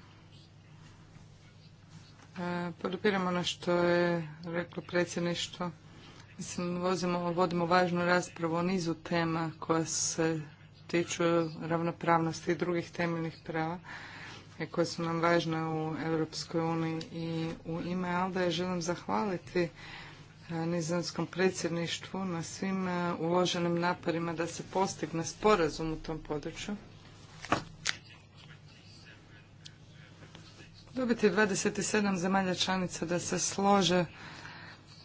podupiramo ono što je reklo predsjedništvo. Mislim, vozimo, vodimo važnu raspravu o nizu tema koja se tiču ravnopravnosti i drugih temeljnih prava e, koje su nam važne u Europskoj uniji i u ime Alda želim zahvaliti nizozemskom predsjedništvu na svim e, uloženim naporima da se postigne sporazum u tom području. Dobiti 27 zemalja članica da se slože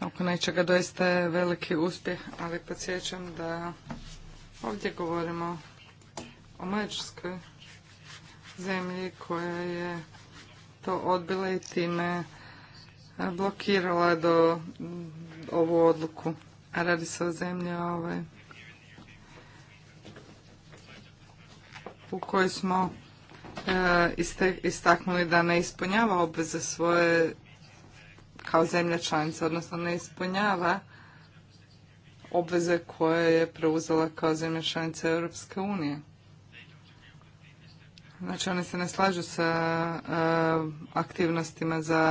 oko nečega doista je veliki uspjeh, ali podsjećam da ovdje govorimo o mađarskoj zemlji koja je to odbila i time blokirala do mm, ovu odluku, a radi se o zemlji ovaj, u kojoj smo e, istaknuli da ne ispunjava obveze svoje kao zemlja članica, odnosno ne ispunjava obveze koje je preuzela kao zemlja članica Europske unije. Znači oni se ne slažu sa eh, aktivnostima za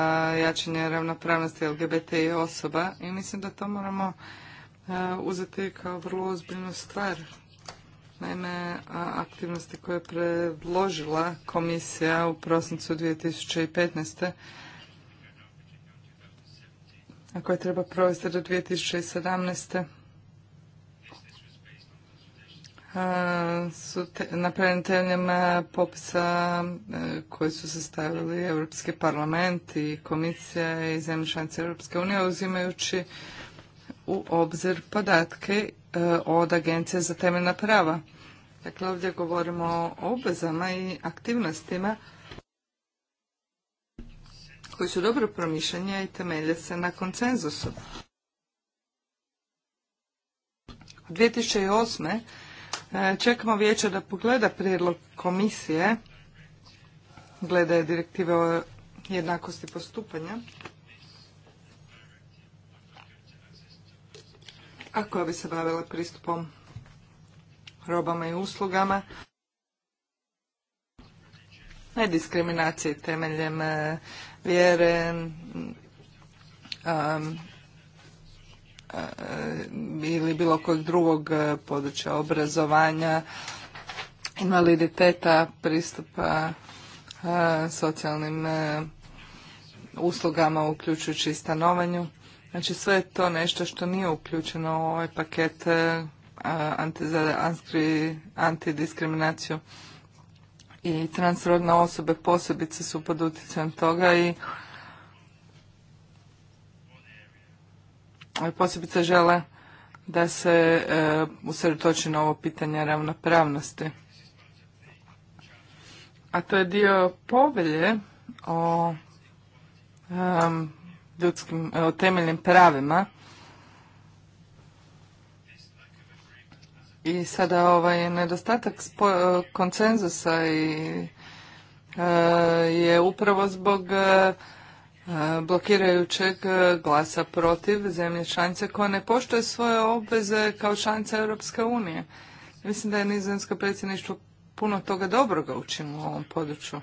jačanje ravnopravnosti LGBT i osoba i mislim da to moramo eh, uzeti kao vrlo ozbiljnu stvar. Naime, aktivnosti koje je predložila komisija u prosincu 2015. a koje treba provesti do 2017 su te, temeljem popisa e, koji su sastavili Europski parlament i komisija i zemlje članice Europske unije uzimajući u obzir podatke e, od Agencije za temeljna prava. Dakle, ovdje govorimo o obvezama i aktivnostima koji su dobro promišljanja i temelje se na konsenzusu. 2008. E, čekamo vijeće da pogleda prijedlog komisije glede direktive o jednakosti postupanja. a koja bi se bavila pristupom robama i uslugama, nediskriminaciji temeljem e, vjere, E, ili bilo kojeg drugog e, područja obrazovanja, invaliditeta, pristupa e, socijalnim uslugama uključujući i stanovanju. Znači sve je to nešto što nije uključeno u ovaj paket anti, antidiskriminaciju i transrodne osobe posebice su pod utjecajem toga i posebice žele da se e, usredotoči na ovo pitanje ravnopravnosti. A to je dio povelje o e, o temeljnim pravima. I sada ovaj nedostatak e, konsenzusa i je upravo zbog blokirajućeg e, glasa protiv zemlje članice koja ne poštuje svoje obveze kao članica Europske unije. Mislim da je nizozemsko predsjedništvo puno toga dobroga učinilo u ovom području.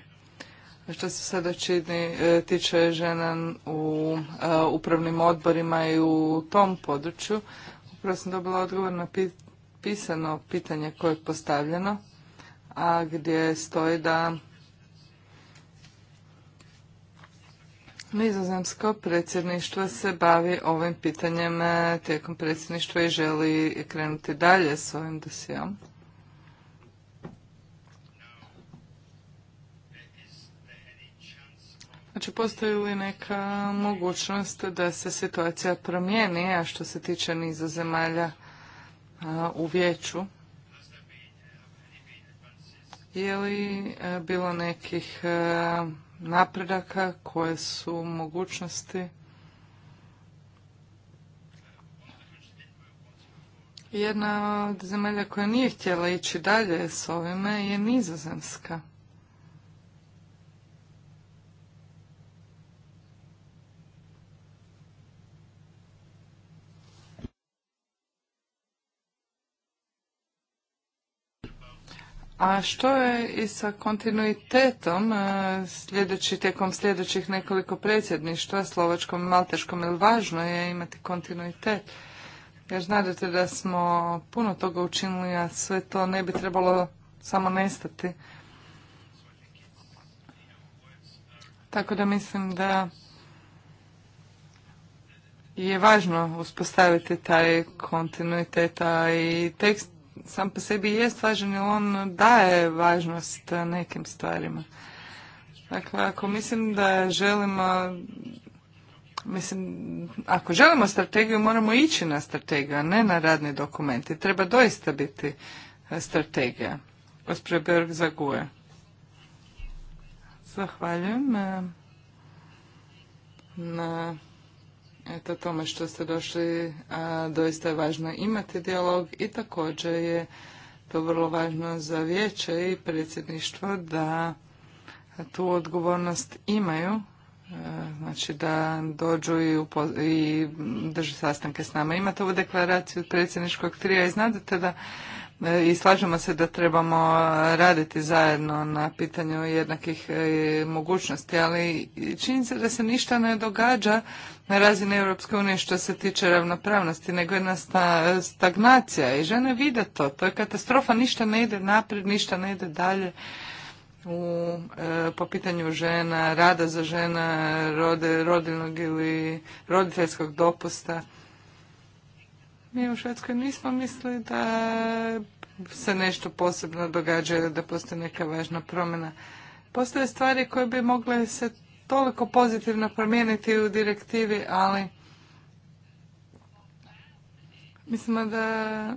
Što se sada čini, e, tiče žena u e, upravnim odborima i u tom području, upravo sam dobila odgovor na pisano pitanje koje je postavljeno, a gdje stoji da Nizozemsko predsjedništvo se bavi ovim pitanjem e, tijekom predsjedništva i želi krenuti dalje s ovim dosijom. Znači, postoji li neka mogućnost da se situacija promijeni, a što se tiče niza zemalja e, u vijeću? Je li e, bilo nekih napredaka, koje su mogućnosti. Jedna od zemalja koja nije htjela ići dalje s ovime je nizozemska. A što je i sa kontinuitetom e, sljedeći, tijekom sljedećih nekoliko predsjedništva, slovačkom, i malteškom, ili važno je imati kontinuitet? Jer znate da smo puno toga učinili, a sve to ne bi trebalo samo nestati. Tako da mislim da je važno uspostaviti taj kontinuitet, a i tekst sam po sebi je važan jer on daje važnost nekim stvarima. Dakle, ako mislim da želimo Mislim, ako želimo strategiju, moramo ići na strategiju, a ne na radni dokumenti. Treba doista biti e, strategija. Gospodin Berg Zaguje. Zahvaljujem e, na eto tome što ste došli, doista je važno imati dijalog i također je to vrlo važno za vijeće i predsjedništvo da tu odgovornost imaju, e, znači da dođu i, i drže sastanke s nama. Imate ovu deklaraciju predsjedničkog trija i znate da E, i slažemo se da trebamo e, raditi zajedno na pitanju jednakih e, mogućnosti, ali čini se da se ništa ne događa na razini Europske unije što se tiče ravnopravnosti, nego jedna stagnacija i žene vide to. To je katastrofa, ništa ne ide naprijed, ništa ne ide dalje u, po pitanju žena, rada za žena, rode, rodinog ili roditeljskog dopusta. Mi u Švedskoj nismo mislili da se nešto posebno događa ili da postoji neka važna promjena. Postoje stvari koje bi mogle se toliko pozitivno promijeniti u direktivi, ali mislimo da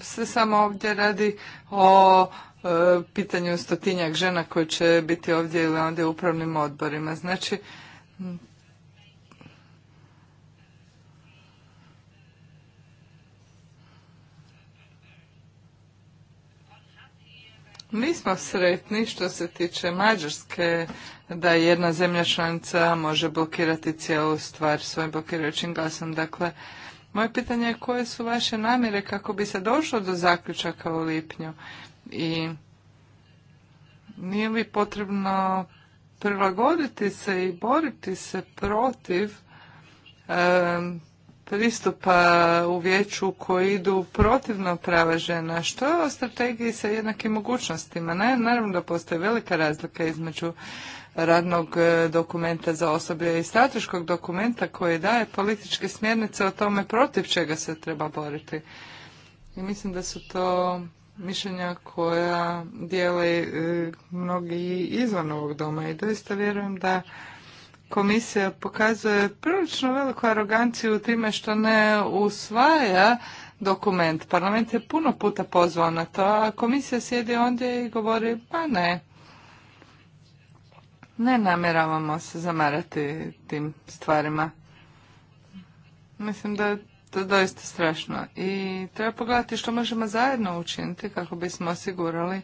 se samo ovdje radi o e, pitanju stotinjak žena koje će biti ovdje ili ondje u upravnim odborima. Znači, smo sretni što se tiče Mađarske da jedna zemlja članica može blokirati cijelu stvar svojim blokirajućim glasom. Dakle, moje pitanje je koje su vaše namjere kako bi se došlo do zaključaka u lipnju i nije li potrebno prilagoditi se i boriti se protiv pristupa u vijeću koji idu protivno prava žena. Što je o strategiji sa jednakim mogućnostima? Naravno da postoji velika razlika između radnog e, dokumenta za osoblje i strateškog dokumenta koji daje političke smjernice o tome protiv čega se treba boriti. I mislim da su to mišljenja koja dijele e, mnogi izvan ovog doma i doista vjerujem da komisija pokazuje prilično veliku aroganciju time što ne usvaja dokument. Parlament je puno puta pozvao na to, a komisija sjedi ondje i govori pa ne. Ne namjeravamo se zamarati tim stvarima. Mislim da je to doista strašno. I treba pogledati što možemo zajedno učiniti kako bismo osigurali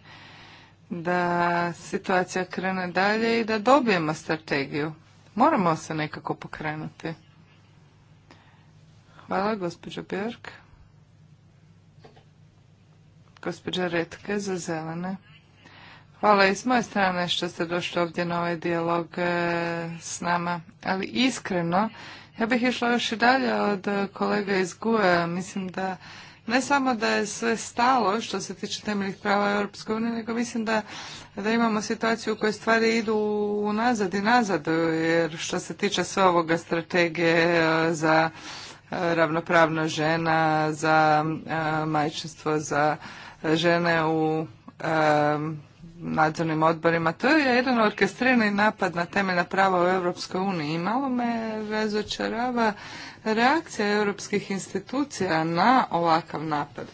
da situacija krene dalje i da dobijemo strategiju. Moramo se nekako pokrenuti. Hvala, gospođo Björk. Gospođa Retke za zelene. Hvala i s moje strane što ste došli ovdje na ovaj dijalog e, s nama. Ali iskreno, ja bih išla još i dalje od kolega iz GUE. Mislim da ne samo da je sve stalo što se tiče temeljnih prava Europske unije, nego mislim da, da imamo situaciju u kojoj stvari idu nazad i nazad, jer što se tiče sve ovoga strategije e, za e, ravnopravno žena, za e, majčinstvo, za žene u nadzornim odborima. To je jedan orkestrirani napad na temeljna prava u Europskoj uniji i malo me razočarava reakcija europskih institucija na ovakav napad.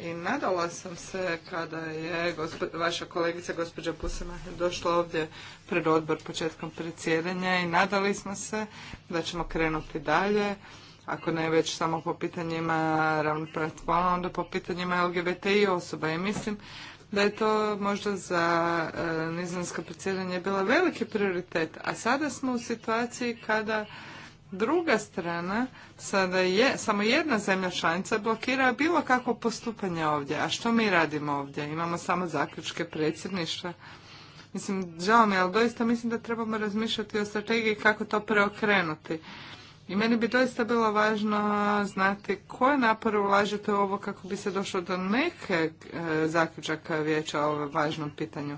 I nadala sam se kada je vaša kolegica gospođa Pusena došla ovdje pred odbor početkom predsjedanja i nadali smo se da ćemo krenuti dalje ako ne već samo po pitanjima ravnopravnog onda po pitanjima LGBTI osoba. I mislim da je to možda za e, predsjedanje bila veliki prioritet, a sada smo u situaciji kada druga strana, sada je, samo jedna zemlja članica blokira bilo kakvo postupanje ovdje. A što mi radimo ovdje? Imamo samo zaključke predsjedništva. Mislim, žao mi, ali doista mislim da trebamo razmišljati o strategiji kako to preokrenuti. I meni bi doista bilo važno znati koje napore ulažete u ovo kako bi se došlo do neke e, zaključaka vijeća o ovom važnom pitanju.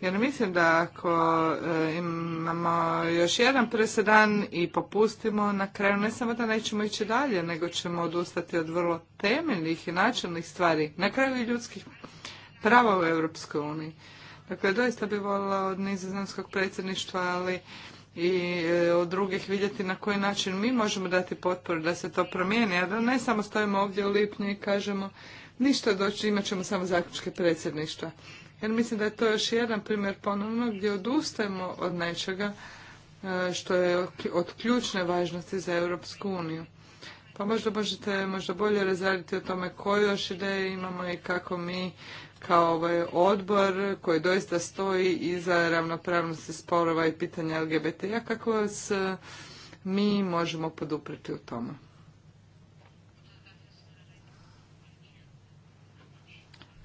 Jer mislim da ako e, imamo još jedan presedan i popustimo na kraju, ne samo da nećemo ići dalje, nego ćemo odustati od vrlo temeljnih i načelnih stvari, na kraju i ljudskih prava u Europskoj uniji. Dakle, doista bi volila od nizozemskog predsjedništva, ali i e, od drugih vidjeti na koji način mi možemo dati potporu da se to promijeni, a da ne samo stojimo ovdje u lipnju i kažemo ništa doći, imat ćemo samo zaključke predsjedništva. Jer mislim da je to još jedan primjer ponovno gdje odustajemo od nečega e, što je od ključne važnosti za Europsku uniju. Pa možda možete možda bolje razraditi o tome koje još ideje imamo i kako mi kao ovaj odbor koji doista stoji iza ravnopravnosti sporova i pitanja LGBT-a, kako vas e, mi možemo podupriti u tome.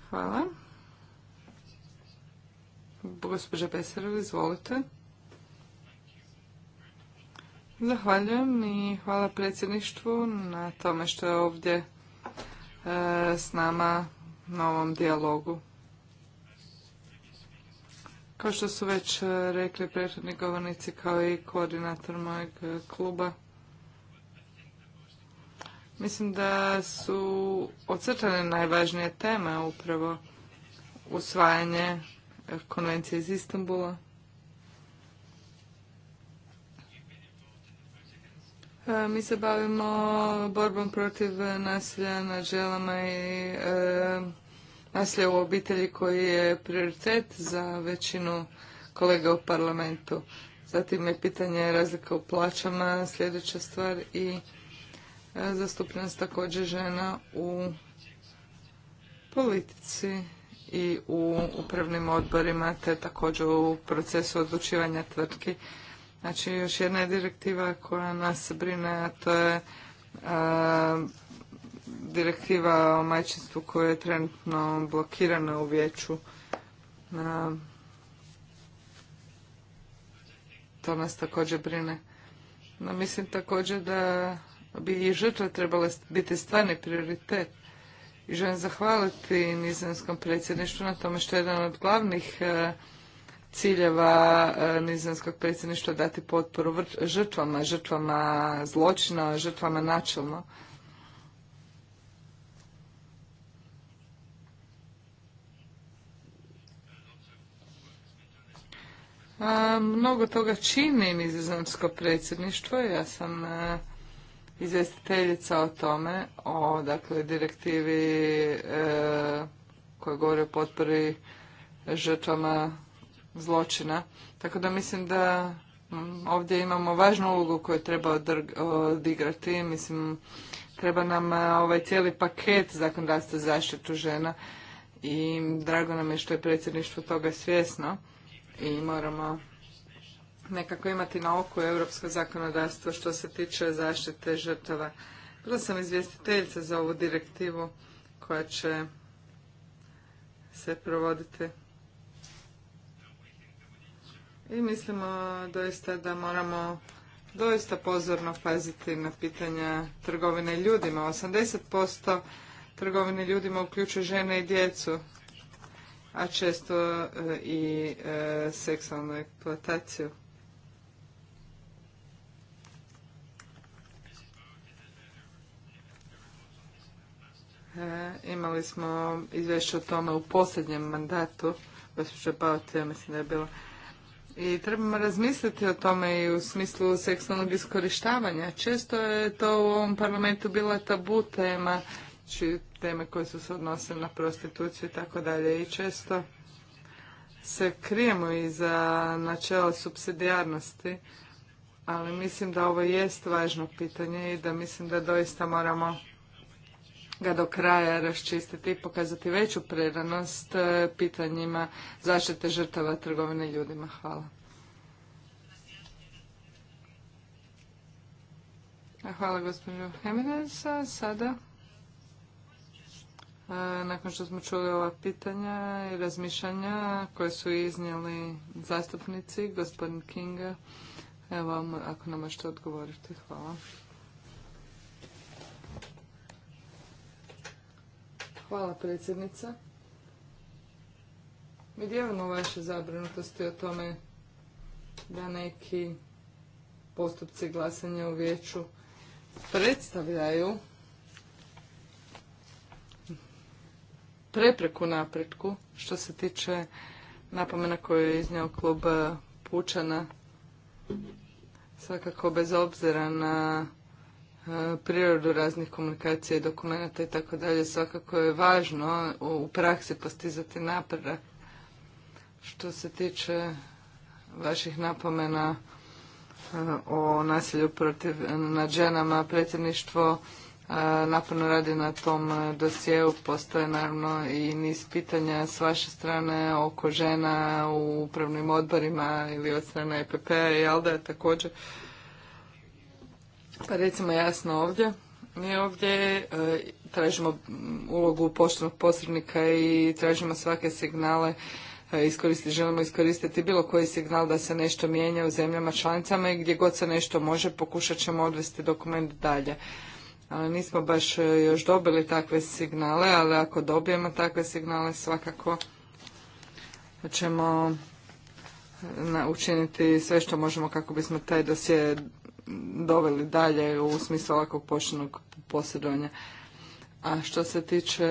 Hvala. Gospođa Pesarov, izvolite. Zahvaljujem i hvala predsjedništvu na tome što je ovdje e, s nama na ovom dijalogu. Kao što su već e, rekli prethodni govornici kao i koordinator mojeg e, kluba, mislim da su ocrtane najvažnije teme upravo usvajanje konvencije iz Istambula, E, mi se bavimo borbom protiv nasilja na želama i e, nasilja u obitelji koji je prioritet za većinu kolega u parlamentu. Zatim je pitanje razlika u plaćama, sljedeća stvar i e, zastupnost također žena u politici i u upravnim odborima, te također u procesu odlučivanja tvrtki Znači, još jedna je direktiva koja nas brine, a to je direktiva o majčinstvu koja je trenutno blokirana u vijeću. To nas također brine. mislim također da bi i žrtve trebale biti stvarni prioritet. I želim zahvaliti nizemskom predsjedništvu na tome što je jedan od glavnih ciljeva e, nizozemskog predsjedništva dati potporu žrtvama, žrtvama zločina, žrtvama načelno. mnogo toga čini nizozemsko predsjedništvo. Ja sam a, e, izvjestiteljica o tome, o dakle direktivi e, koja govori o potpori žrtvama zločina. Tako da mislim da mm, ovdje imamo važnu ulogu koju treba odigrati. Mislim, treba nam e, ovaj cijeli paket zakonodavstva zaštitu žena i drago nam je što je predsjedništvo toga svjesno i moramo nekako imati na oku europsko zakonodavstvo što se tiče zaštite žrtava. Bila sam izvjestiteljica za ovu direktivu koja će se provoditi i mislimo doista da moramo doista pozorno paziti na pitanja trgovine ljudima. 80% trgovine ljudima uključuje žene i djecu, a često e, i e, seksualnu eksploataciju. E, imali smo izvješće o tome u posljednjem mandatu, gospođa ja mislim da je bilo i trebamo razmisliti o tome i u smislu seksualnog iskorištavanja. Često je to u ovom parlamentu bila tabu tema, či znači teme koje su se odnosile na prostituciju i tako dalje. I često se krijemo iza načela subsidijarnosti, ali mislim da ovo jest važno pitanje i da mislim da doista moramo ga do kraja raščistiti i pokazati veću preranost e, pitanjima zaštite žrtava trgovine ljudima. Hvala. Hvala gospođo Heminesa. Sada, e, nakon što smo čuli ova pitanja i razmišljanja koje su iznijeli zastupnici, gospodin Kinga, evo ako nam možete odgovoriti. Hvala. Hvala predsjednica. Mi dijelimo vaše zabrinutosti o tome da neki postupci glasanja u vijeću predstavljaju prepreku napretku što se tiče napomena koju je iznio klub Pučana. Svakako bez obzira na E, prirodu raznih komunikacija i dokumenta i tako dalje, svakako je važno u praksi postizati napredak. Što se tiče vaših napomena e, o nasilju protiv e, nad ženama, predsjedništvo naporno radi na tom dosjeu, postoje naravno i niz pitanja s vaše strane oko žena u upravnim odborima ili od strane EPP-a i ALDA također pa recimo jasno ovdje. Mi ovdje e, tražimo ulogu poštenog posrednika i tražimo svake signale e, iskoristiti, želimo iskoristiti bilo koji signal da se nešto mijenja u zemljama članicama i gdje god se nešto može pokušat ćemo odvesti dokument dalje. Ali nismo baš e, još dobili takve signale, ali ako dobijemo takve signale svakako ćemo učiniti sve što možemo kako bismo taj dosje doveli dalje u smislu ovakvog poštenog posjedovanja. A što se tiče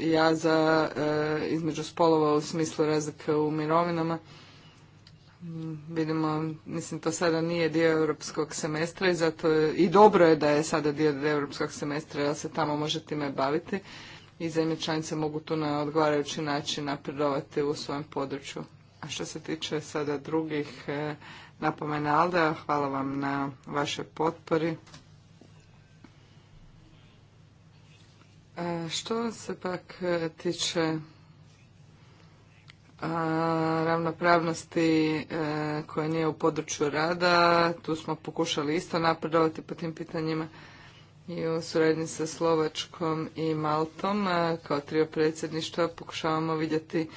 jaza eh, između spolova u smislu razlike u mirovinama, mm, vidimo, mislim to sada nije dio europskog semestra i zato je, i dobro je da je sada dio europskog semestra jer se tamo može time baviti i zemlje članice mogu tu na odgovarajući način napredovati u svojem području. A što se tiče sada drugih eh, napomena Alda, hvala vam na vašoj potpori. E, što se pak tiče e, ravnopravnosti e, koja nije u području rada, tu smo pokušali isto napredovati po tim pitanjima i u suradnji sa Slovačkom i Maltom kao trio predsjedništva pokušavamo vidjeti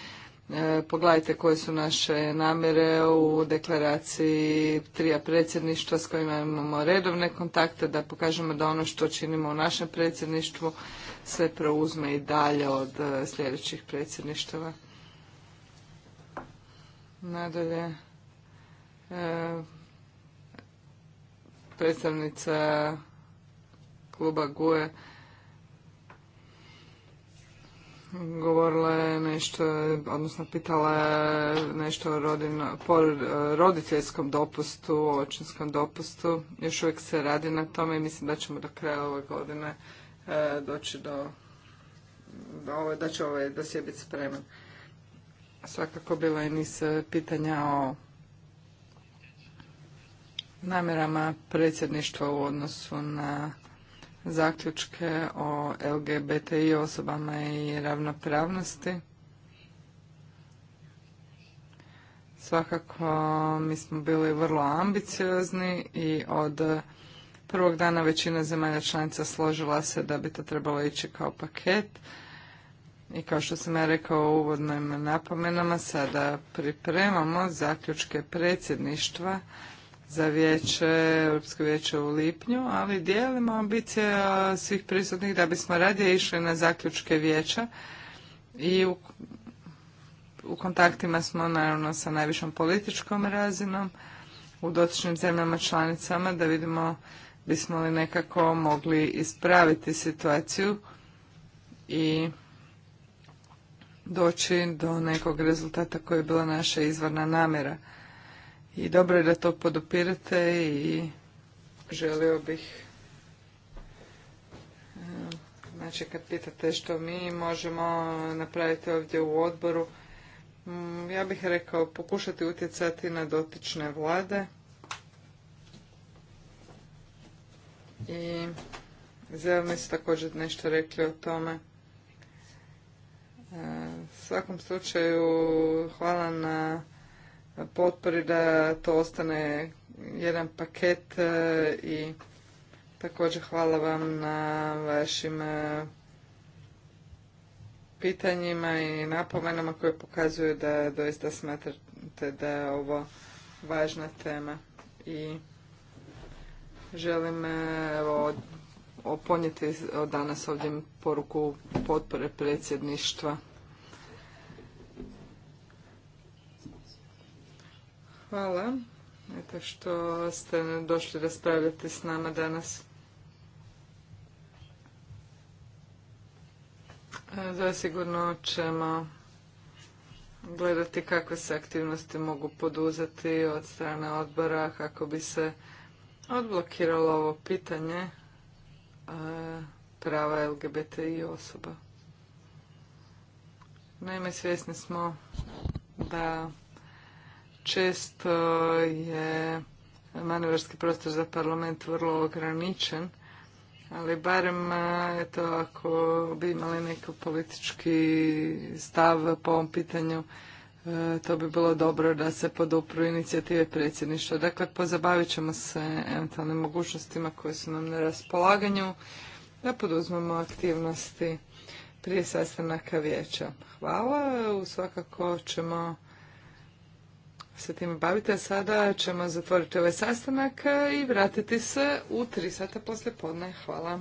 E, pogledajte koje su naše namjere u deklaraciji trija predsjedništva s kojima imamo redovne kontakte, da pokažemo da ono što činimo u našem predsjedništvu sve preuzme i dalje od e, sljedećih predsjedništava. Nadalje, e, predstavnica kluba GUE govorila je nešto, odnosno pitala je nešto o roditeljskom dopustu, o očinskom dopustu. Još uvijek se radi na tome i mislim da ćemo do kraja ove godine e, doći do, do ove, da će ovaj se biti spreman. Svakako bilo je niz e, pitanja o namjerama predsjedništva u odnosu na zaključke o LGBTI osobama i ravnopravnosti. Svakako mi smo bili vrlo ambiciozni i od prvog dana većina zemalja članica složila se da bi to trebalo ići kao paket. I kao što sam ja rekao u uvodnim napomenama, sada pripremamo zaključke predsjedništva za vijeće, Europsko vijeće u lipnju, ali dijelimo ambicije svih prisutnih da bismo radije išli na zaključke vijeća i u, u kontaktima smo naravno sa najvišom političkom razinom u dotičnim zemljama članicama da vidimo bismo li nekako mogli ispraviti situaciju i doći do nekog rezultata koji je bila naša izvorna namjera i dobro je da to podupirate i želio bih e, znači kad pitate što mi možemo napraviti ovdje u odboru mm, ja bih rekao pokušati utjecati na dotične vlade i mi su također nešto rekli o tome e, u svakom slučaju hvala na potpori da to ostane jedan paket e, i također hvala vam na vašim e, pitanjima i napomenama koje pokazuju da doista smatrate da je ovo važna tema i želim e, evo, od danas ovdje poruku potpore predsjedništva. Hvala. Eto što ste došli raspravljati s nama danas. E, zasigurno ćemo gledati kakve se aktivnosti mogu poduzeti od strane odbora kako bi se odblokiralo ovo pitanje e, prava LGBTI osoba. Naime, svjesni smo da često e, je manevarski prostor za parlament vrlo ograničen, ali barem e, eto, ako bi imali neki politički stav po ovom pitanju, e, to bi bilo dobro da se podupru inicijative predsjedništva. Dakle, pozabavit ćemo se eventualnim mogućnostima koje su nam na raspolaganju, da poduzmemo aktivnosti prije sastanaka vijeća. Hvala, svakako ćemo se time bavite. Sada ćemo zatvoriti ovaj sastanak i vratiti se u tri sata poslije podne. Hvala.